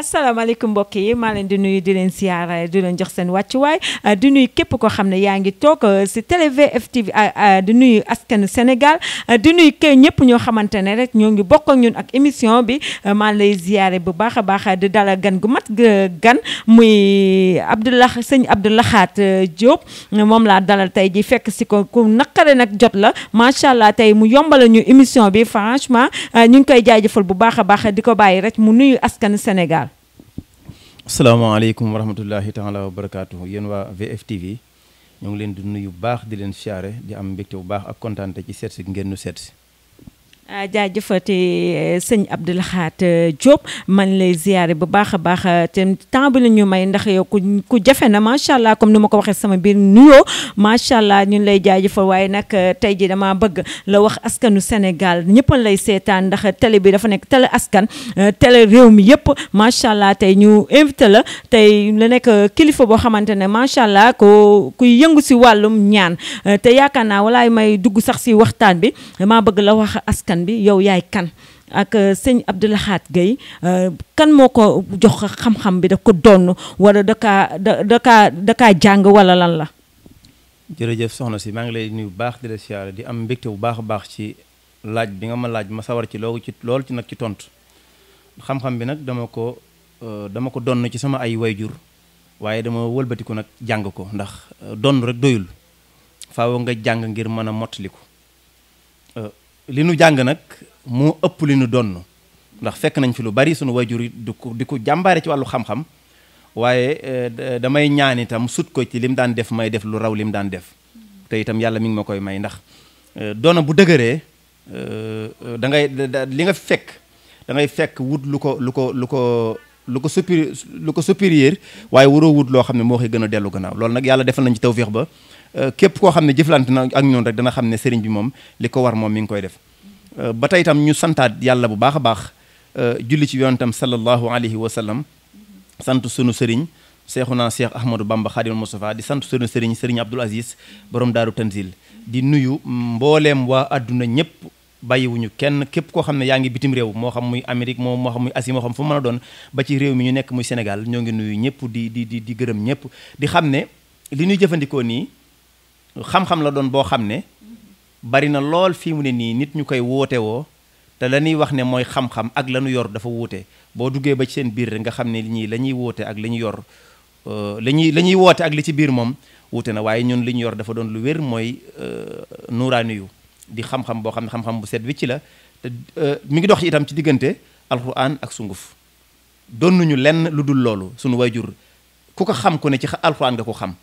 asalaamaaleykum mbokk yi maa leen di nuy di leen siyaar di leen jox seen waaye ah, di nuyu képp koo xam ne yaa ngi toog ah, si télé VFtv ah, di nuyu askanu Sénégal di nuyu kay ñëpp ñoo xamante ne rek ñoo ngi bokk ak ñun ak émission bi maa lay ziyaare bu baax a baax di dala gan gu mat gan muy Abdoulah sëñ Abdoulahat Diop moom laa dalal tey ji fekk si ko ku naqare nag jot la macha allah tey mu yombala ñu émission bi franchement ñu ngi koy jaajëfal bu baax a baax di ko bàyyi rek mu nuyu askanu Sénégal. asalaamaaleykum wa rahmatullahi taala wa barakaatu yéen waa VFtv ñoo ngi leen di nuyu baax di leen siyaare di am mbégte wu baax ak kontaante ci seet si ngeen nu seet si Euh, jaajëfate euh, sëñ Abdou Lahat euh, Diop man lay ziyaare bu baax a baax te temps bi la ñu may ndax yow ku jafe na macha allah comme ni ma ko waxee sama biir nuyoo macha allah ñun lay jaajëfal waaye nag tey ji dama bëgg la wax askanu Sénégal ñëpp lay seetaan ndax télé bi dafa nekk télé askan télé réew mi yëpp macha allah tey ñu invité la tey la nekk kilifa boo xamante ne macha allah ko kuy yëngu si wàllum ñaan te yaakaar naa walaay may dugg sax si waxtaan bi dama bëgg la wax askan waxtaan bi yow yaay kan ak euh, sëñ Abdoulahat Gueye euh, kan moo ko jox xam-xam bi daf ko donn wala da kaa da jàng wala lan la. jërëjëf soxna si maa ngi lay nuyu bu baax di la siyaare di am mbégte bu baax a baax ci laaj bi nga ma laaj ma sawar ci loolu ci loolu ci nag ci tontu xam-xam bi nag dama ko euh, dama ko donn ci sama ay wayjur waaye dama wëlbatiku nag jàng ko ndax donn rek doyul faaw nga jàng ngir mën a mottaliku li nu jàng nag moo ëpp li nu donn ndax fekk nañ fi lu bari sunu wajur di ko di ko jàmbaare ci wàllu xam-xam waaye eh, damay ñaanitam itam sut ko ci li mu daan def may def lu raw li mu daan def te itam yàlla mi ngi ma koy may ndax eh, doona bu dëgëree eh, da ngay li nga fekk da fekk wut lu ko lu ko lu ko lu ko supérieur lu ko supérieur waaye waroo wut loo xam ne moo koy gën a dellu gannaaw loolu nag yàlla defal nañ ci tawféex ba euh, képp koo xam ne jëflante na ak ñoon rek dana xam ne sëriñ bi moom li ko war moom mi ngi koy def euh, ba tey tam ñu santaat yàlla bu baax a baax euh, julli ci yonentam sallallahu alayhi wa sallam sant sunu sëriñ seexuna seex ahmadou bamba xaadimal moustapha di sant sunu sëriñ sëriñ abdul aziz borom daaru tanzil di nuyu mbooleem waa àdduna ñëpp bàyyiwuñu kenn képp koo xam ne yaa ngi bitim réew moo xam muy Amérique moo moo xam muy Asie moo xam fu mu a doon ba ci réew mi ñu nekk muy Sénégal ñoo ngi nuyu ñëpp di di di di gërëm ñëpp di xam ne li ñuy jëfandikoo nii xam la doon boo xam ne bari na lool fii mu ne nii nit ñu koy woote woo te la ñuy wax ne mooy xam ak la ñu yor dafa wuute boo duggee ba ci biir rek nga xam ne ñii la ñuy woote ak la ñu yor euh, la ñuy la ñuy woote ak li ci biir moom wuute na waaye ñun li ñu yor dafa doon lu wér mooy euh, nuuraani yu di xam-xam boo xam ne xam-xam bu set wicci la te euh, mi ngi dox ci itam ci diggante alxuraan ak sunguf doon donnuñu lenn lu dul loolu sunu wayjur ku ko xam ku ne ci alxuraan nga ko xam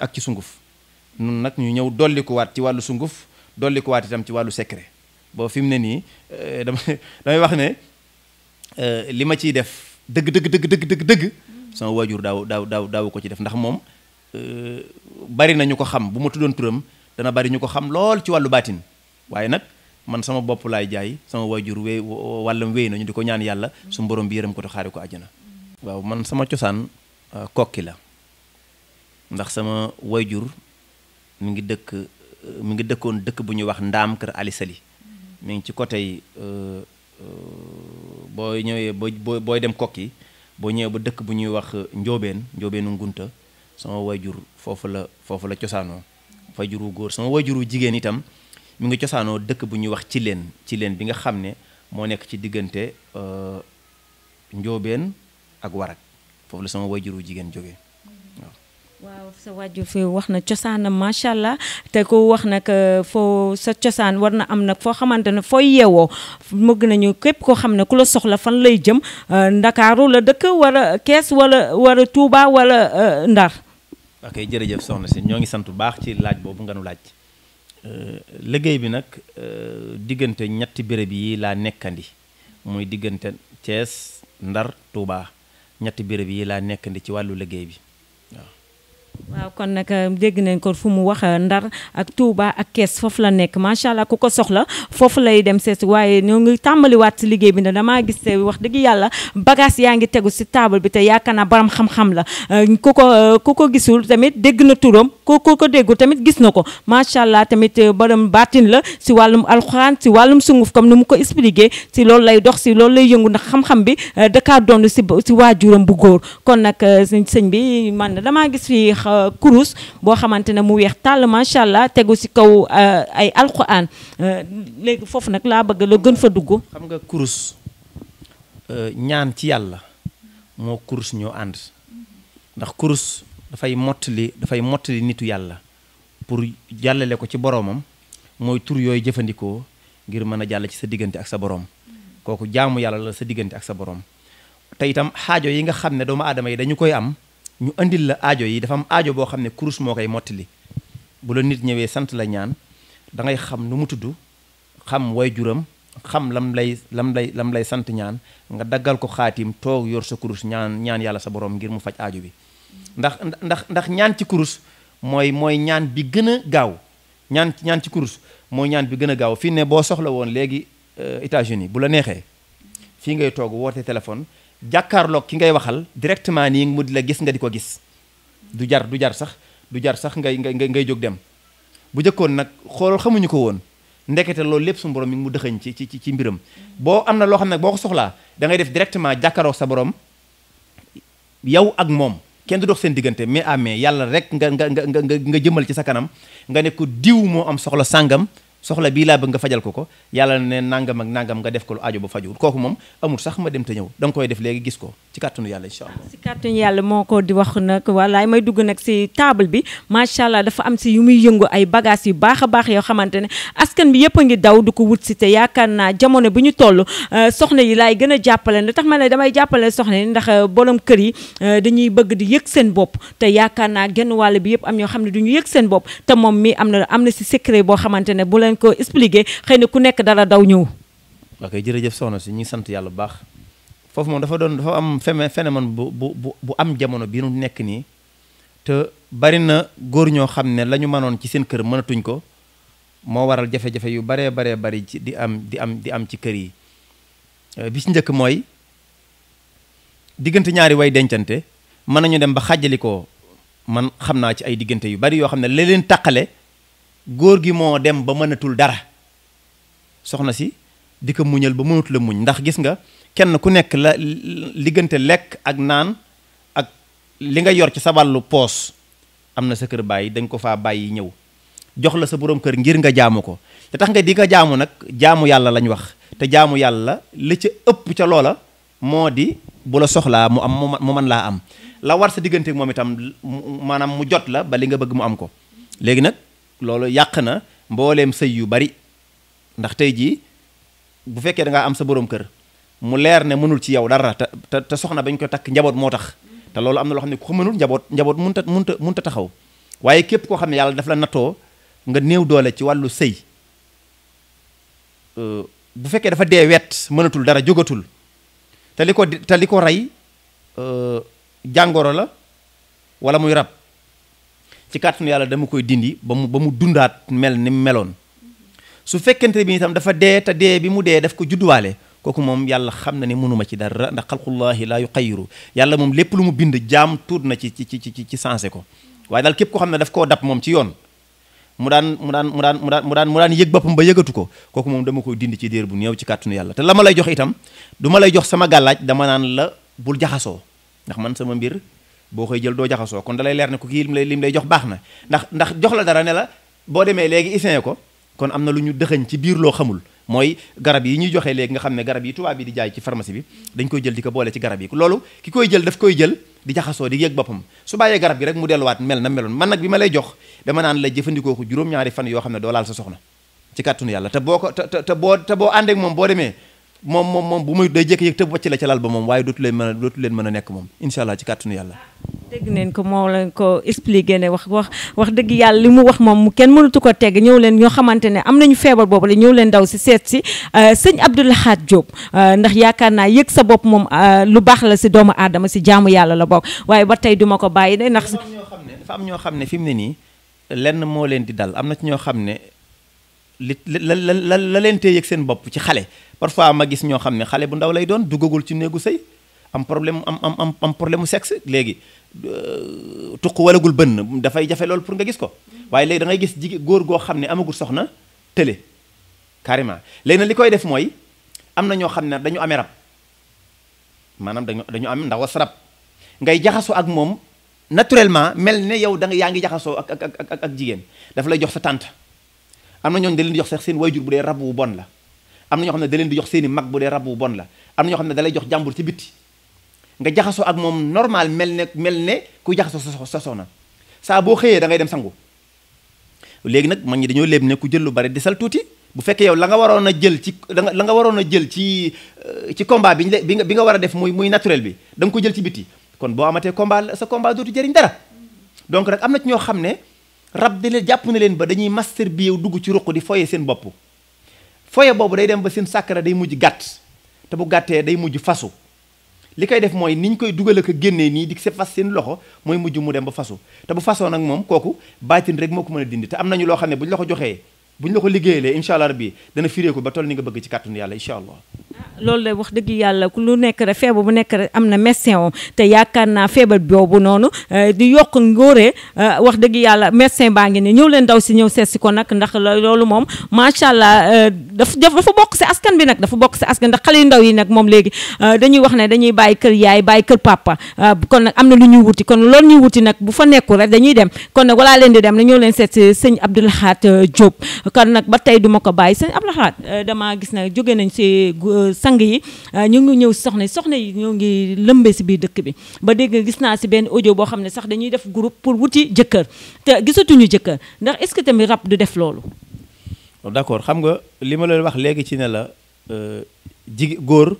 ak ci sunguf nun nag ñu ñëw dollikuwaat ci wàllu sunguf dollikuwaat itam ci wàllu secret boo fi mu ne nii euh, dama damay wax ne euh, li ma ciy def dëgg dëgg dëgg dëgg dëgg dëgg sama waajur daaw daaw daaw daaw ko ci def ndax moom bari na ñu ko xam bu ma tuddoon turam dana bari ñu ko xam lool ci wàllu baatin waaye nag man sama bopp laay jaay sama waajur wéy wàllam wéy nañu di ko ñaan yàlla su borom bi yërëm ko te xaari ko àjjana waaw man sama cosaan euh, kokki la ndax sama waajur mi ngi dëkk mi ngi dëkkoon dëkk bu ñuy wax ndaam kër Ali mi ngi ci côté euh, euh, boo ñëwee boo dem kokki boo ñëwee ba dëkk bu ñuy wax njóobeen njóobeenu ngunta sama waajur foofu la foofu la cosaanoo fa juru góor sama wajuru jigéen itam mu ngi cosaanoo dëkk bu ñuy wax ci leen ci leen bi nga xam ne moo nekk ci diggante euh, njóobeen ak warak foofu la sama wajuru jigéen jóge waaw sa wàjju fi wax na cosaanam macha allah te ku wax nag euh, foo sa cosaan war na am nag foo xamante ne fooy yeewoo mëgg nañu képp koo xam ne ku la soxla fan lay jëm euh, ndakaaru la dëkk wara kees wala wala tuuba wala ndar ok jërëjëf soxna si ñoo ngi sant bu baax ci laaj boobu nga nu laaj euh, liggéey bi nag euh, diggante ñetti béréb yi laa nekkandi muy diggante Thiès Ndar Touba ñetti béréb yi laa nekkandi ci wàllu liggéey bi waaw kon nag dégg nañ ko fu mu wax Ndar ak Touba ak Kees foofu la nekk macha allah ku ko soxla foofu lay dem sees waaye ñoo ngi tàmbaliwaat si liggéey bi ne damaa gis wax dëgg yàlla bagage yaa ngi tegu si table bi te yaakaar naa borom xam-xam la ku ko ku ko gisul tamit dégg na turam ku ku ko déggu tamit gis na ko macha allah tamit borom baatin la si wàllum alxuraan si wàllum sunguf comme ni mu ko expliqué si loolu lay dox si loolu lay yëngu ndax xam-xam bi dakaa doon si si waajuram bu góor kon nag sëñ bi man damaa gis fii Euh, kurus boo xamante ne mu weex tàll macha allah tegu si kaw euh, ay alquran euh, léegi foofu nag laa bëgg la gën fa dugg. xam nga kurus ñaan ci yàlla moo kurus ñoo ànd ndax kurus dafay mottali dafay mottali nitu yàlla pour jàllale ko ci boromam mooy tur yooyu jëfandikoo ngir mën a jàll ci sa diggante ak sa borom kooku jaamu yàlla la sa diggante ak sa borom te itam xaajo yi nga xam ne doomu aadama yi dañu koy am ñu indil la aajo yi dafa am aajo boo xam ne kurus moo koy mottali bu la nit ñëwee sant la ñaan da ngay xam lu mu tudd xam way juram xam lam lay la lay lam lay sant ñaan nga daggal ko xaatim toog yor sa kurus ñaan ñaan yàlla sa borom ngir mu faj aajo bi ndax ndax ndax ñaan ci kurus mooy mooy ñaan bi gën a gaaw ñaan ñaan ci kurus mooy ñaan bi gën a gaaw fii ne boo soxla woon léegi euh, États-Unis bu la neexee fii ngay toog woote téléphone jàkkaarloog ki ngay waxal directement nii mu di la gis nga di ko gis du jar du jar sax du jar sax ngay ngay ngay jóg dem bu jëkkoon nag xool xamuñu ko woon ndekete loolu lépp suñu borom mi mu dëxëñ ci ci ci mbiram boo am na loo xam ne boo ko soxlaa da def directement jàkkaarloog sa borom yow ak moom kenn du dox seen diggante mais amee ah, yàlla rek nga nga nga nga nga jëmal ci sa kanam nga ne ko diw moo am soxla sàngam soxla bii laa bëgg nga fajal ko ko yàlla ne nangam ak nangam nga def ko lu aajo ba fajul kooku moom amul sax ma dem te ñëw da nga koy def léegi gis ko ci kàttanu yàlla incha allah si kàttanu yàlla moo ko di wax nag walaay may dugg nag si table bi macha dafa am si yu muy yëngu ay bagage yu baax a baax yoo xamante ne askan bi yëpp a ngi daw du ko wut si te yaakaar naa jamono bi ñu toll euh, soxna yi laay gën a jàppale ndax tax ma ne damay jàppale soxna yi ndax euh, borom kër yi euh, dañuy bëgg di yëg seen bopp te yaakaar naa genn wàll bi yëpp am ñoo xam ne du ñu yëg seen bopp te moom mi am nañ ko expliquer xëy na ku nekk dala daw ñëw. ok jërëjëf soxna si ñuy sant yàlla bu baax foofu moom dafa doon dafa am phénomène bu bu bu am jamono bi nu nekk nii te bari na góor ñoo xam ne lañu ñu mënoon ci seen kër mënatuñ ko moo waral jafe-jafe yu baree baree bari ci di am di am di am ci kër yi euh, bi ci njëkk mooy diggante ñaari way dencante mën nañu dem ba xàjjalikoo man xam naa ci ay diggante yu bari yoo xam ne la leen tàqale góor gi moo dem ba mënatul dara soxna si di ko muñal ba mënatul a muñ ndax gis nga kenn ku nekk la liggante lekk ak naan ak li nga yor ci sa wàllu poos am na sa kër bàyyi dañ ko fa bàyyi ñëw jox la sa boroom kër ngir nga jaamu ko te tax nga di ko jaamu nag jaamu yàlla lañ wax te jaamu yàlla li ca ëpp ca loola moo di bu la soxlaa mu am mu mën laa am la war sa diggante moom itam maanaam mu jot la ba li nga bëgg mu am ko léegi nag loolu yàq na mbooleem sëy yu bari ndax tey jii bu fekkee da am sa boroom kër mu leer ne mënul ci yow dara te te soxna bañ ko takk njaboot moo tax te loolu am na loo xam ne ko ko mënul njaboot njaboot munta munta munta taxaw waaye képp koo xam ne yàlla daf la nattoo nga néew doole ci wàllu sëy euh, bu fekkee dafa dee wet mënatul dara jógatul te li ko te ko rey euh, jàngoro la wala muy rab ci kàttanu yàlla dama koy dindi ba mu ba mu dundaat mel ni mu meloon su fekkente bi itam dafa dee te dee bi mu dee def ko judduwaale kooku moom yàlla xam na ne mënuma ci dara ndax xalqullahi laa yuxayiru yàlla moom lépp lu mu bind jaam tuut na ci ci ci ci ci sensé ko waaye daal képp ko xam ne daf koo dab moom ci yoon mu daan mu daan mu daan mu daan mu daan mu daan yëg boppam ba yëgatu ko kooku moom dama koy dindi ci déer bu néew ci kàttanu yàlla te la ma lay jox itam du lay jox sama gàllaaj dama naan la bul jaxasoo ndax man sama mbir boo koy jël doo jaxasoo kon dalay leer ne ko kii lim lay lim lay jox baax na ndax ndax jox la dara ne la boo demee léegi isin ko kon am na lu ñu dëxañ ci biir loo xamul mooy garab yi ñuy joxe léegi nga xam ne garab yi tubaab bi di jaay ci pharmacie bi dañ koy jël di ko boole ci garab yi loolu ki koy jël daf koy jël di jaxasoo di yëg boppam su bàyyee garab gi rek mu delluwaat mel na meloon man nag bi ma lay jox dama naan la jëfandikoo ko juróom-ñaari fan yoo xam ne doo laal sa soxna ci kàttunu yàlla te boo ko te te boo te boo àndeek moom boo demee moom moom moom bu muy day jékki-yëg tëb la ca lal dégg neen ko moo leen ko expliqué ne wax wax wax dëgg yàlla li mu wax moom kenn mënatu ko tegg ñëw leen ñoo xamante ne am nañu feebar boobu la ñëw leen daw si seet si euh, sëñ Abdou Lahad Diop euh, ndax yaakaar naa yëg sa bopp moom euh, lu baax la si doomu aadama si jaamu yàlla la bokk waaye ba tey duma ko bàyyi de ndax. am ñoo xam ne fi mu ne nii lenn moo leen di dal am na ci ñoo xam ne li la la la leen tee yëg seen bopp ci xale parfois ma gis ñoo xam ne xale bu ndaw lay doon duggagul ci néegu sëy am problème am am am problème sexe légui léegi tuq walagul bënn da fay jafe loolu pour nga gis ko waaye léegi da ngay gis góor goo xam amagul soxna tële carrément léegi nag li def mooy am na ñoo dañu amee rab maanaam dañu dañu am ndaw as ngay jaxasoo ak moom naturellement mel yow da nga yaa ngi jaxasoo ak ak ak ak jigéen dafa lay jox sa tante am na ñooñu di jox sax seen wayjur bu dee rab wu bon la am na ñoo da leen di jox seen mag bu dee rab wu bon la am na ñoo da lay jox jàmbur ci bitti nga jaxasoo ak moom normal mel ne mel ne ku jaxasoo sa soxna saa boo xëyee da ngay dem sangu léegi nag mag ñi dañoo léeb ne ku jël lu bari sal tuuti bu fekkee yow la nga waroon a jël ci la nga waroon a jël ci euh, ci combat bi bi nga bi nga war a def muy muy naturel bi danga ko jël ci biti kon boo amatee combat sa combat dootu jëriñ dara donc nag am na ñoo xam ne rab di leen jàpp na leen ba dañuy master bi yow dugg ci ruq di foye seen bopp foye boobu day dem ba seen sàkkara day mujj gàtt te bu gàttee day mujj fasu li koy def mooy ni ñu koy dugal ak génnee nii di se fas seen loxo mooy mujj mu dem ba fasu te bu fasoo nag moom kooku baatin rek moo ko mën a dindi te am nañu loo xam ne bu ñu la ko joxee bu ñu la ko liggéeyalee incha allah rabbi dana ko ba toll ni nga bëgg ci kàttanu yàlla incha allah loolu la wax dëgg yàlla ku lu nekk rek feebar bu nekk rek am na médecin om te yaakaar naa feebar boobu noonu euh, di yokk ngóoree euh, wax dëgg yàlla médecin baa ngi ne ñëw leen daw si ñëw seet si ko nag ndax loolu moom macha allah euh, dafa dafa bokk si askan bi nag dafa bokk si askan ndax xale yu ndaw yi nag moom léegi dañuy wax ne dañuy bàyyi kër yaay bàyyi kër kon nag am na lu ñuy wuti kon loolu ñuy wuti nag bu fa nekku rek dañuy dem kon nag walaa leen di dem na ñëw leen seet si sëñ Abdou Lahad Diop kon nag ba tey duma ko bàyyi sëñ Abdou Lahad gis na jóge nañ si sang yi euh, ñu ngi ñëw soxna soxna yi ñoo ngi lëmbee si biir dëkk bi ba dégg gis naa si benn audio boo xam ne sax dañuy def groupe pour wuti jëkkër te gisatuñu jëkkër ndax est-ce que tamit rab du def loolu oh, d'accord xam nga li ma leen wax léegi ci ne la euh, jig góor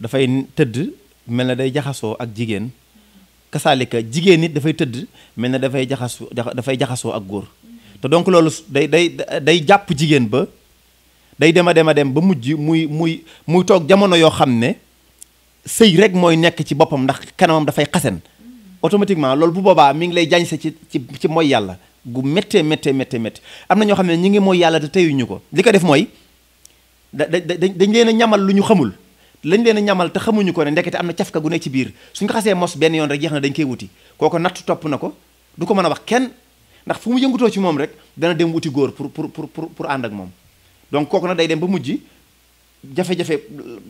dafay tëdd mel na day jaxasoo ak jigéen kasaalika jigéen nit dafay tëdd mel na dafay jaxasoo dafay jaxasoo ak góor te donc loolu day day day jàpp jigéen ba day dem a dem dem ba mujj muy muy muy toog jamono yoo xam ne sëy rek mooy nekk ci boppam ndax kanamam dafay xasen automatiquement loolu bu boobaa mi ngi lay jagn ci ci ci moy yàlla gu méttee méttee méttee méttee am na ñoo xam ne ñi ngi mooy yàlla te teyuñu ko li def mooy dañ leen a ñamal lu ñu xamul lañ leen a ñamal te xamuñu ko ne ndekete am na gu ne ci biir suñ xasse xasee mos benn yoon rek jeexna na dañ koy wuti koko nat topp na ko du ko mën a wax kenn ndax fu mu yëngutoo ci moom rek dana dem wuti góor pour pour pour pour ànd ak moom donc kooku nag day dem ba mujj jafe-jafe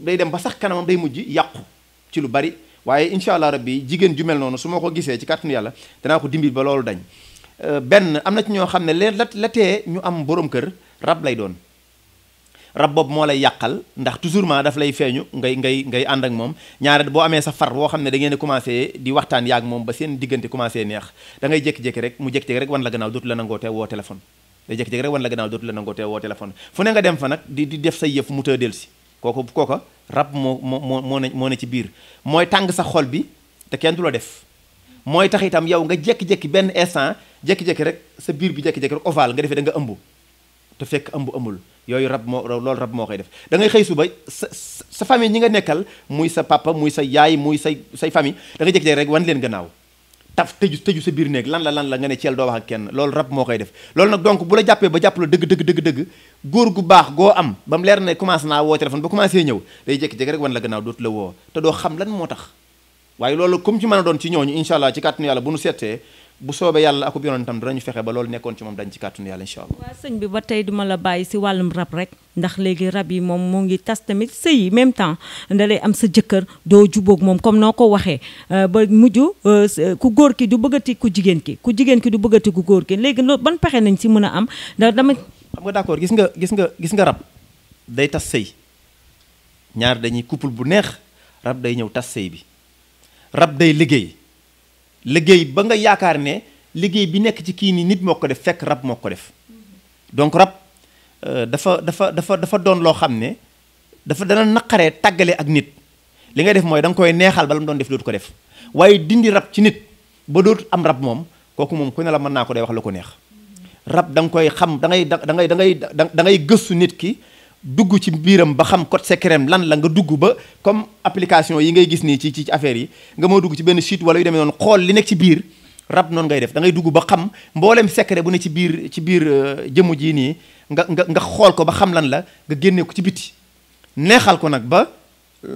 day dem ba sax kanamam day mujj yàqu ci lu bari waaye incha allah rabbi jigéen ju mel noonu su ma ko gisee ci kàttanu yàlla danaa ko dimbil ba loolu dañ euh, benn am na ci ñoo xam ne leen la tee ñu am borom kër rab lay doon rab boobu moo lay yàqal ndax toujours ma daf lay feeñu ngay ngay ngay ànd ak moom ñaare boo amee sa far boo xam ne da ngeen di commencé di waxtaan yaag moom ba seen diggante commencé neex da ngay jékki-jékki rek mu jékki-jékki wan la gannaaw dootu la nangoo woo téléphone day jékki-jékki rek wan la gannaaw dootu la nangoo te woo téléphone fu ne nga dem fa di di def sa yef mu tëddeel si kooku kooka rab moo moo mo mo moo ne ci biir mooy tàng sa xol bi te kenn du la def mooy tax itam yow nga jékki-jékki ben instant jékki-jékki rek sa bir bi jékki-jékki rek oval nga defee da nga ëmb te fekk ëmb amul yooyu rab moo loolu rap mo koy def da ngay xëy suba sa sa famille ñi nga nekkal muy sa papa muy sa yaay muy say say famille da nga jékki-jékki rek wan leen gannaaw taf tëju tëju sa biir néeg lan la lan la nga ne ceel doo wax ak kenn loolu rab moo koy def loolu nag donc bu la jàppee ba jàpp la dëgg dëgg dëgg dëgg góor gu baax goo am ba mu leer ne commencé naa woo téléphone ba commencé ñëw day jékki-jékki rek wan la gannaaw dootu la woo te doo xam lan moo tax waaye loolu comme ci mën a doon ci ñooñu incha allah ci kàttanu yàlla bu nu seetee bu soobee yàlla akub yonentam danañu fexe ba loolu nekkoon ci moom dañ ci kàttanu yàlla incha allah. waaw sëñ bi ba tey duma la bàyyi si wàllum rab rek ndax léegi rab yi moom moo ngi tas tamit sëy yi même temps da am sa jëkkër doo jubóog moom comme noo ko waxee euh, ba mujj euh, ku góor ki du bëggati ku jigéen ki ku jigéen ki du bëggati ku góor ki léegi ban pexe nañ si mën am ndax dama. xam nga d'accord gis nga gis nga gis nga rab day tas sëy ñaar dañuy couple bu neex rab day ñëw tas sëy bi rab day liggéey liggéey ba nga yaakaar ne liggéey bi nekk ci kii nii nit moo ko def fekk rab moo ko def donc rab euh, dafa dafa dafa dafa doon loo xam ne dafa dana naqaree tàggale ak nit li nga def mooy danga koy neexal ba la mu doon def dootu ko def waaye dindi rab ci nit ba dootu am rab moom kooku moom ku ne la mën naa ko day wax la ko neex rab danga koy xam da ngay da ngay da ngay da gëstu nit ki dugg ci biiram ba xam code secret lan la nga dugg ba comme application yi ngay gis nii ci ci affaire yi nga moo dugg ci benn site wala yu demee noonu xool li nekk ci biir rab noonu ngay def dangay ngay dugg ba xam mbooleem secret bu ne ci biir ci biir euh, jëmm jii nii nga nga nga xool ko ba xam lan la nga génne ko ci biti neexal ko nag ba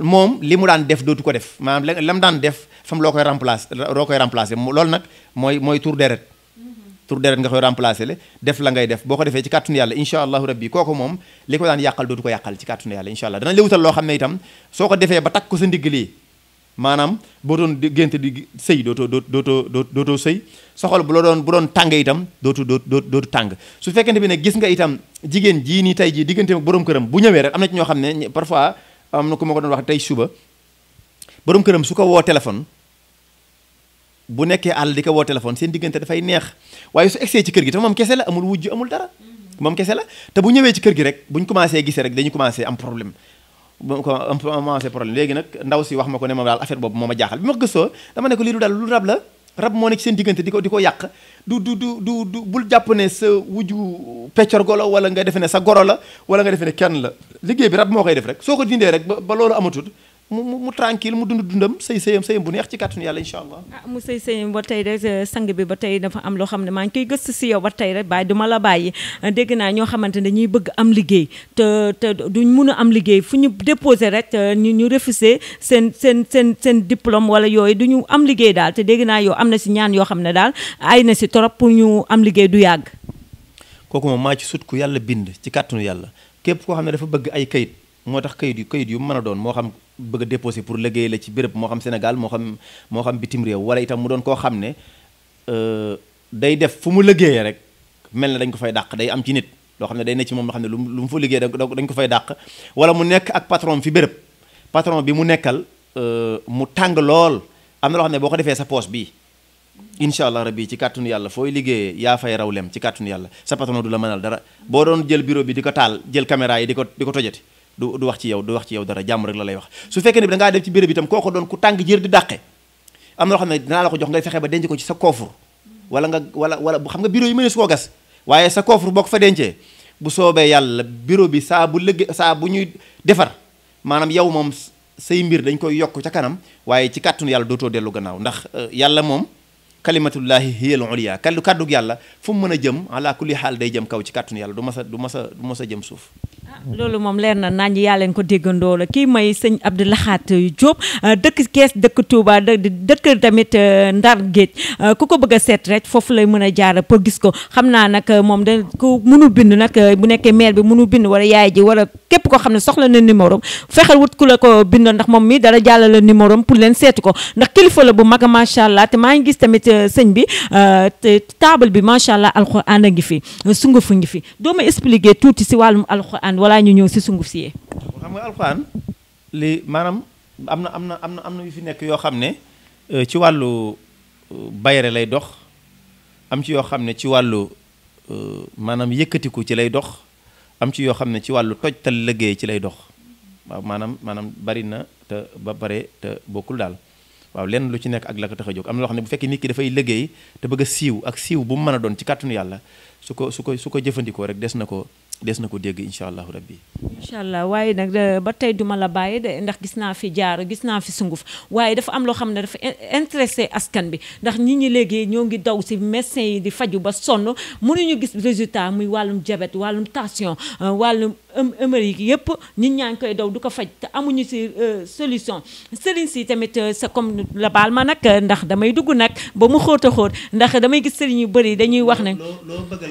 moom li mu daan def dootu ko def maanaam la mu daan def fam loo koy remplacer loo koy remplacer loolu nag mooy mooy tour deret tur deret nga koy remplacer le def la ngay def boo ko defee ci kàttanu yàlla incha allahu rabbi kooku moom li ko daan yàqal dootu ko yàqal ci kàttanu yàlla incha allah danañ la wutal loo xam ne itam soo ko defee ba takk ko sa ndigg lii maanaam boo doon gént di sëy dootoo dootoo dootoo sëy soxol bu la doon bu doon tàng itam dootu dootu dootu tàng su fekkente bi ne gis nga itam jigéen jii nii tey jii diggante ak borom këram bu ñëwee rek am na ci ñoo xam ne parfois am na ku ma ko doon wax tey suba borom këram su ko woo téléphone bu nekkee àll di ko woo téléphone seen diggante dafay neex waaye su egsee ci kër gi te moom kese la amul wujj amul dara mhm. moom kese la te bu ñëwee ci kër gi rek buñ commencé gisee rek dañu commencé am problème am commencé problème léegi nag ndaw si wax ma ko ne moom daal affaire boobu moo jaaxal ma gëstoo dama ne ko lii du daal lu rab la rab moo nekk seen diggante di ko di ko yàq du du du du du bul jàpp ne sa wujju peccor golo wala nga defe ne sa goro la wala nga defe ne kenn la liggéey bi rab moo koy def rek soo ko dindee rek ba loolu amatul mu mu mu tranquille mu dund dundam sëy sëyam sëyam bu neex ci kàttanu yàlla incha allah ah mu sëy sëyam ba tey rek euh, sang bi ba tey dafa am loo xam ne maa ngi koy gëstu si yow ba tey rek bàyyi du ma bàyyi euh, dégg naa ñoo xamante ne dañuy bëgg am liggéey te te duñ mun a am liggéey fu ñu déposé rek euh, ñu ñu refusé seen seen seen seen diplôme wala yooyu du ñu am liggéey daal te dégg naa yow am na si ñaan yoo xam ne daal ay na si trop pour ñu am liggéey du yàgg kooku moom maa ci sut yàlla bind ci kàttanu yàlla képp koo xam ne dafa bëgg ay kayit moo tax kayit yu kayit yu mën doon mo xam bëgg déposer pour liggéey la ci bërepp mo xam Sénégal mo xam mo xam bitim réew wala itam mu doon koo xam ne euh, day def fu mu liggéeyee rek mel na dañ ko fay dàq day am ci nit loo xam day ne ci moom loo xam ne lu mu fa liggéey dañ ko fay dàq wala mu nekk ak patron fi bërepp patron bi mu nekkal euh, mu tàng lool am na loo xam ne boo ko defee sa poche bi incha allah rabbi ci kàttunu yalla foy liggéeyee yaa fay raw lem ci kàttunu yalla sa patron du la mënal dara boo doon jël bureau bi di ko taal jël caméra yi di ko di ko tojati du wax ci yow du wax ci yow dara jàmm rek la lay wax su fekkee ne bi da ngaa dem ci béréb itam kooko doon ku tàng jër di dàqe am na loo xam ne dinaa la ko jox ngay fexe ba denc ko ci sa koofur wala nga wala wala xam nga bureau yi mënees koo waaye sa koofur boo ko fa bu soobee yàlla bureau bi saa bu lëgg saa bu ñuy defar maanaam yow moom say mbir dañ koy yokk ca kanam waaye ci kàttun yàlla dootoo dellu gannaaw ndax euh, yàlla moom kalimatullahi hiya al uliya kaddu yàlla fu mu mën a jëm ala kulli xaal day jëm kaw ci kàttun yàlla du mas a du mas a du mas a jëm suuf loolu moom leer na naañ yaa leen ko déggandoo la kii may sëñ Abdou Lahat Diop euh, dëkk Kees dëkk Touba dëkk tamit euh, Ndar Géej euh, ku ko bëgg a seet rek foofu lay mën a jaar pour gis ko xam naa nag moom da ku mënu bind nag bu nekkee maire bi mënu bind wala yaay ji wala képp koo xam ne soxla na numéro fexeel wut ku la ko bind ndax moom mi dara jàllale numéro pour leen seetu ko ndax kilifa la bu mag a macha allah te maa ngi gis tamit sëñ bi te table bi macha allah alxuraan a ngi fi sungufu ngi fi doo ma expliquer tuuti si wàllum alxuraan wala ñu ñëw si sunguf si yee xam nga alxuraan li maanaam am na am na am na am na yu fi nekk yoo xam ne euh, ci wàllu euh, bayre lay dox am ci yoo xam ne ci wàllu euh, maanaam yëkkatiku ci lay dox am ci yoo xam ne ci wàllu tojtal liggéey ci lay dox waaw maanaam maanaam bari na te ba pare te bokkul daal waaw lenn lu ci nekk ak la ko tax a jóg am na loo xam ne bu fekkee nit ki dafay liggéey te bëgg siiw ak siiw bu mu mën a doon ci kàttanu yàlla su ko su ko su ko jëfandikoo rek des na ko des na ko dégg incha allahu rabbi incha allah waaye nag ba tey duma la bàyyi de ndax gis naa fi jaaro gis naa fi sunguf waaye dafa am loo xam ne dafa intéressé askan bi ndax nit ñi léegi ñoo ngi daw si médecin yi di faju ba sonn ñu gis résultat muy wàllum diabète wàllum tension euh, wàllum ëmëri yëpp nit ñaa ngi koy daw du ko faj te amuñu si euh, solution sëriñ si tamit euh, sa comme la baal ma nag ndax damay dugg nag ba mu xóot a xóot ndax damay gis sëriñ yu bëri dañuy wax ne loo bëgg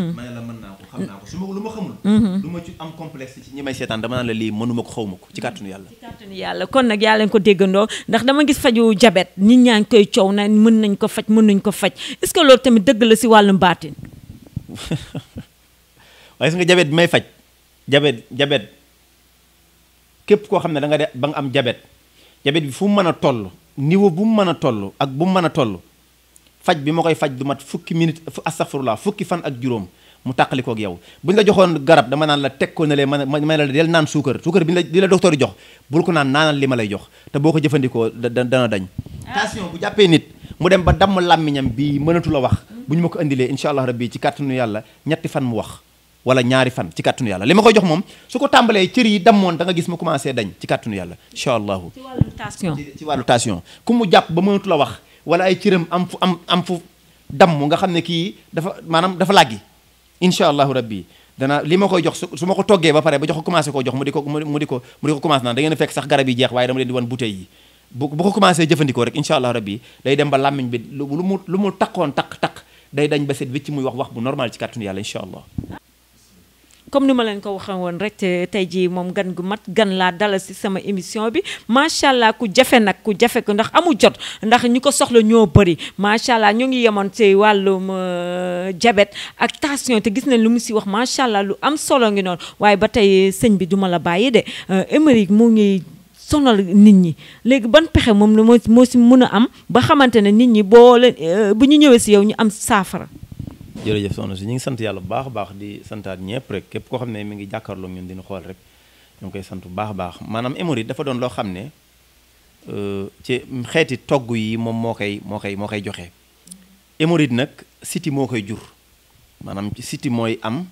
Mhm. ma la mën naa ko xam naa ko su ma lu ma xamul du mhm. ma ci am complexe ci ñi may seetaan dama naan la lii mënuma ko xawma ko ci kàttanu yàlla ci kàttanu yàlla kon nag yàlla nga ko déggandoo ndax dama gis faju jabet nit ñaa ngi koy coow na mën nañ ko faj mën nañ ko faj est-ce que loolu tamit dëgg la si wàllu baatin waaye gis nga jabet bi may faj jabet jabet képp koo xam ne da nga ba nga am jabet jabet bi fu mën a toll niveau bu mën a toll ak bu mën a toll faj bi ma koy faj du mat fukki minute astaghfirullah fukki fan ak juróom mu takaliko ak yow buñ la joxone garab dama nan la teg ko ne lee man la del nan sucre sucre bi la docteur jox bul ko nan nanal li malay lay jox te boko jefandiko dana dañ ah. tension bu jappé nit mu dem ba dam lamiñam bi mënatu la wax buñ mako andilé inshallah rabbi ci katunu yalla ñetti fan mu wax wala ñaari fan ci katunu yalla limako jox mom suko tambalé tàmbalee yi da nga gis mu commencé dañ ci inshallah ci walu ci walu tension kumu japp ba la wax wala ay cëram am fu am am fu damm nga xam ne kii dafa maanaam dafa làggi incha allahu rabbi dana li ma koy jox su ma ko toggee ba pare ba jox ko commencé koo jox mu di ko mu di ko mu di ko commencé naan da ngeen fekk sax garab yi jeex waaye dama leen di wan bouteille yi bu bu ko commencé jëfandikoo rek incha allahu rabbi day dem ba làmmiñ bi lu mu lu mu takkoon takk taq day dañ ba set ci muy wax wax bu normal ci kàttanu yàlla incha allah comme ni ma leen ko waxee woon rek tey jii moom gan gu mat gan laa dalal si sama émission bi macha allah ku jafe nag ku jafe ko ndax amul jot ndax ñu ko soxla ñoo bëri macha allah ñu ngi yemoon wàllu wàllum euh, jabet ak tension te gis nañ lu mu si wax macha allah lu am solo ngi noonu waaye ba tey sëñ bi duma la bàyyi de euh, Émeric mu ngi sonal nit ñi léegi ban pexe moom moo moo si mun a am ba xamante ne nit ñi boo leen euh, bu ñu ñëwee si yow ñu am saafara. jërëjëf soxna si ñu ngi sant yàlla bu baax a baax di santaat ñëpp rek képp koo xam ne mu ngi jàkkaarloo ñun dina xool rek ñu ngi koy sant bu baax a baax maanaam émoride dafa doon loo xam ne euh, ci xeeti togg yi moom moo koy moo koy moo koy joxe émoride nag siti moo koy jur maanaam ci siti mooy am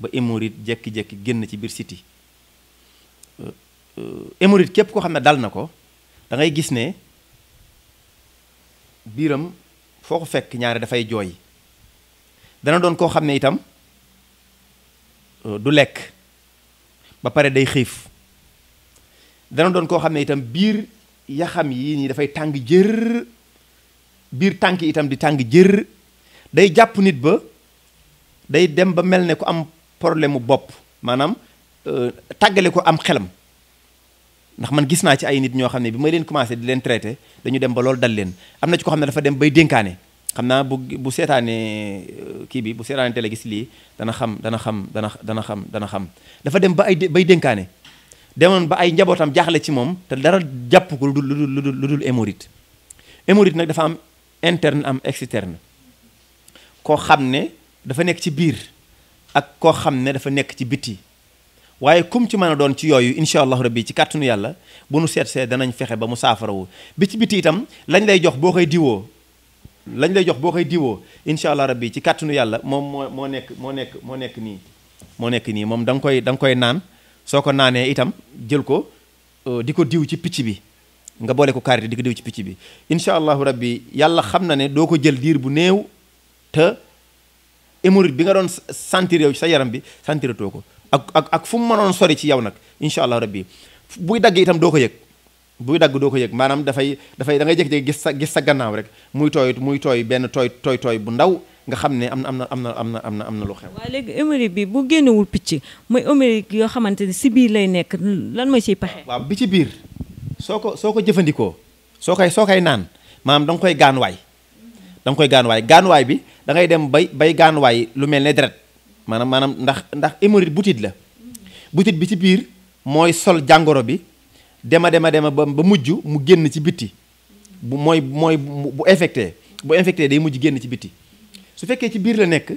ba émoride jekki-jekki génn ci biir siti euh, euh, émoride képp koo xam ne dal na ko dangay gis ne biiram foo ko fekk ñaari dafay jooy dana doon koo xam ne itam euh, du lekk ba pare day xiif dana doon koo xam ne itam biir yaxam yi nii dafay tàng jër biir tànk itam di tàng jër day jàpp nit ba day dem ba mel ne ku am problème mu bopp maanaam euh, tàggale ko am xelam ndax man gis naa ci ay nit ñoo xam ne bi ma leen commencé di leen traité dañu dem ba loolu dal leen am na ci ko xam ne dafa dem bay dénkaane xam naa bu bu seetaanee euh, kii bi bu seetaanee télé gis lii dana xam dana xam dana dana xam dana xam dafa dem ba ay bay dénkaane demoon ba ay njabootam jaaxle ci moom te dara jàpp ko lu dul lu dul lu dul hémorroïde dafa am interne am externe koo xam ne dafa nekk ci biir ak koo xam ne dafa nekk ci biti waaye kum ci mën a doon ci yooyu incha allahu rabbi ci kàttanu yàlla bu nu seet see danañ fexe ba mu saafarawu bi ci biti itam lañ lay jox boo koy diwoo lañ lay jox boo koy diwoo incha allah rabbi ci kàttanu yàlla moom moo moo nekk moo nekk moo nekk nii moo nekk nii moom danga koy danga koy naan soo ko naanee itam jël ko euh, di ko diw ci picc bi nga boole ko karité di ko diw ci picc bi incha allahu rabbi yàlla xam na ne doo ko jël diir bu néew te hémorroïde bi nga doon sentir yow ci sa yaram bi sentiratoo ko ak ak ak fu mu mënoon sori ci yow nag incha allah rabbi buy dagg itam doo ko yëg buy dagg doo ko yëg maanaam dafay dafay dangay ngay jékki gis sa gis sa gannaaw rek muy tooy muy tooy benn tooy tooy tooy bu ndaw nga xam ne am na am na am na am na am na am na lu xew. waaw léegi hémorroïde bi bu génnewul picc mooy hémorroïde yoo xamante ni si biir lay nekk lan mooy si pexe. waaw bi ci biir soo ko soo ko jëfandikoo soo koy soo koy naan maanaam danga koy gaanuwaay da koy gaanuwaay gaanuwaay bi dangay dem bay bay gaanuwaay lu mel ne deret maanaam maanaam ndax ndax hémorroïde butit la butit bi ci biir mooy sol jàngoro bi. dema dema dema ba ba mujj mu génn ci bitti bu mooy mooy bu infecté bu infecté day mujj génn ci bitti su fekkee ci biir la nekk